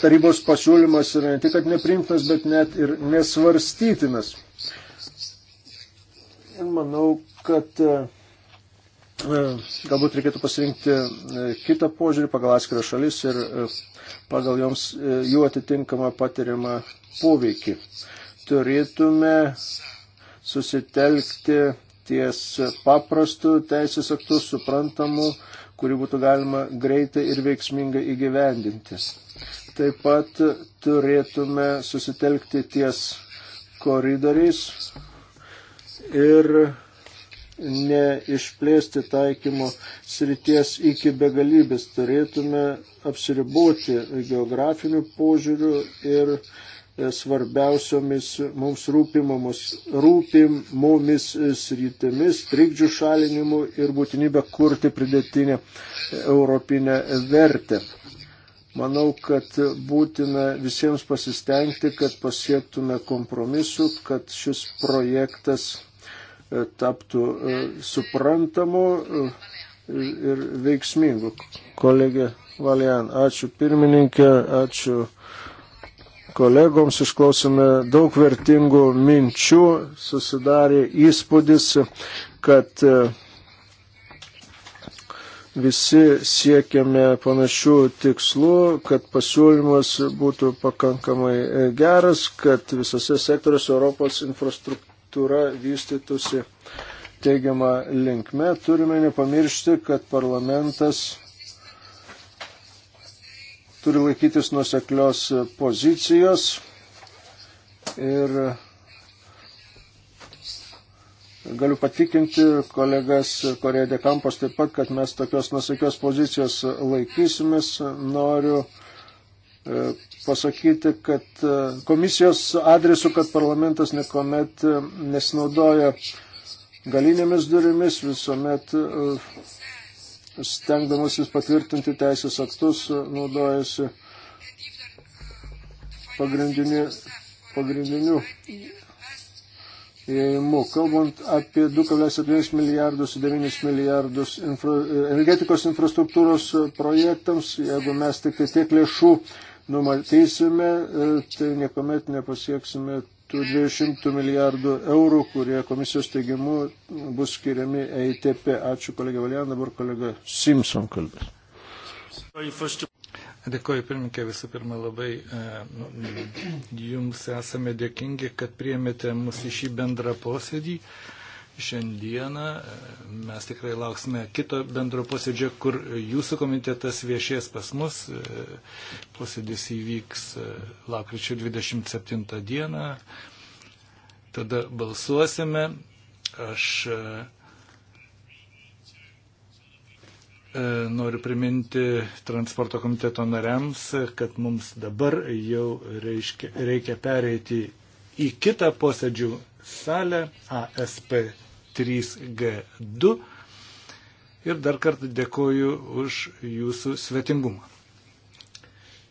tarybos pasiūlymas yra ne tik, kad neprimtinas, bet net ir nesvarstytinas. Ir manau, kad e, galbūt reikėtų pasirinkti kitą požiūrį pagal atskirą šalis ir pagal joms jų atitinkamą patiriamą poveikį turėtume susitelkti ties paprastų teisės aktų suprantamų, kurį būtų galima greitai ir veiksmingai įgyvendinti. Taip pat turėtume susitelkti ties koridoriais ir neišplėsti taikymo srities iki begalybės. Turėtume apsiriboti geografiniu požiūriu ir svarbiausiomis mums rūpimomis sritimis, trikdžių šalinimu ir būtinybę kurti pridėtinę europinę vertę. Manau, kad būtina visiems pasistengti, kad pasiektume kompromisu, kad šis projektas e, taptų e, suprantamu e, ir veiksmingu. Kolegė Valian, ačiū pirmininkė, ačiū kolegoms, išklausėme daug vertingų minčių, susidarė įspūdis, kad e, visi siekiame panašių tikslų, kad pasiūlymas būtų pakankamai e, geras, kad visose sektoriuose Europos infrastruktūra vystytųsi teigiamą linkmę. Turime nepamiršti, kad parlamentas turi laikytis nuseklios pozicijos ir galiu patikinti kolegas Korėje Dekampos taip pat, kad mes tokios nuseklios pozicijos laikysimės. Noriu e, pasakyti, kad e, komisijos adresu, kad parlamentas niekuomet e, nesinaudoja galinėmis durimis, visuomet stengdamasis patvirtinti teisės aktus, naudojasi pagrindini, pagrindiniu įėjimu. Kalbant apie 2,7 milijardus, 9 milijardus infra, energetikos infrastruktūros projektams, jeigu mes tik tai tiek lėšų numatysime, tai niekuomet nepasieksime tų 200 milijardų eurų, kurie komisijos teigimu bus skiriami EITP. Ačiū kolega Valian, dabar kolega Simpson kalbės. Dėkoju, pirmininkė, visų pirma labai e, nu, jums esame dėkingi, kad priemėte mus į šį bendrą posėdį. E, šiandieną. E, mes tikrai lauksime kito bendro posėdžio, kur jūsų komitetas viešės pas mus. E, posėdis įvyks e, lakryčio 27 dieną. Tada balsuosime. Aš noriu priminti transporto komiteto nariams, kad mums dabar jau reiškia, reikia pereiti į kitą posėdžių salę ASP 3G2. Ir dar kartą dėkoju už jūsų svetingumą.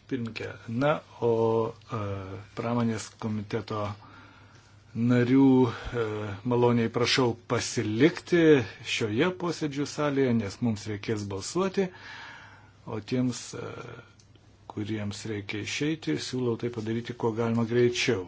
Pirmininkė, na, o e, pramonės komiteto narių e, maloniai prašau pasilikti šioje posėdžių salėje, nes mums reikės balsuoti, o tiems, e, kuriems reikia išeiti, siūlau tai padaryti kuo galima greičiau.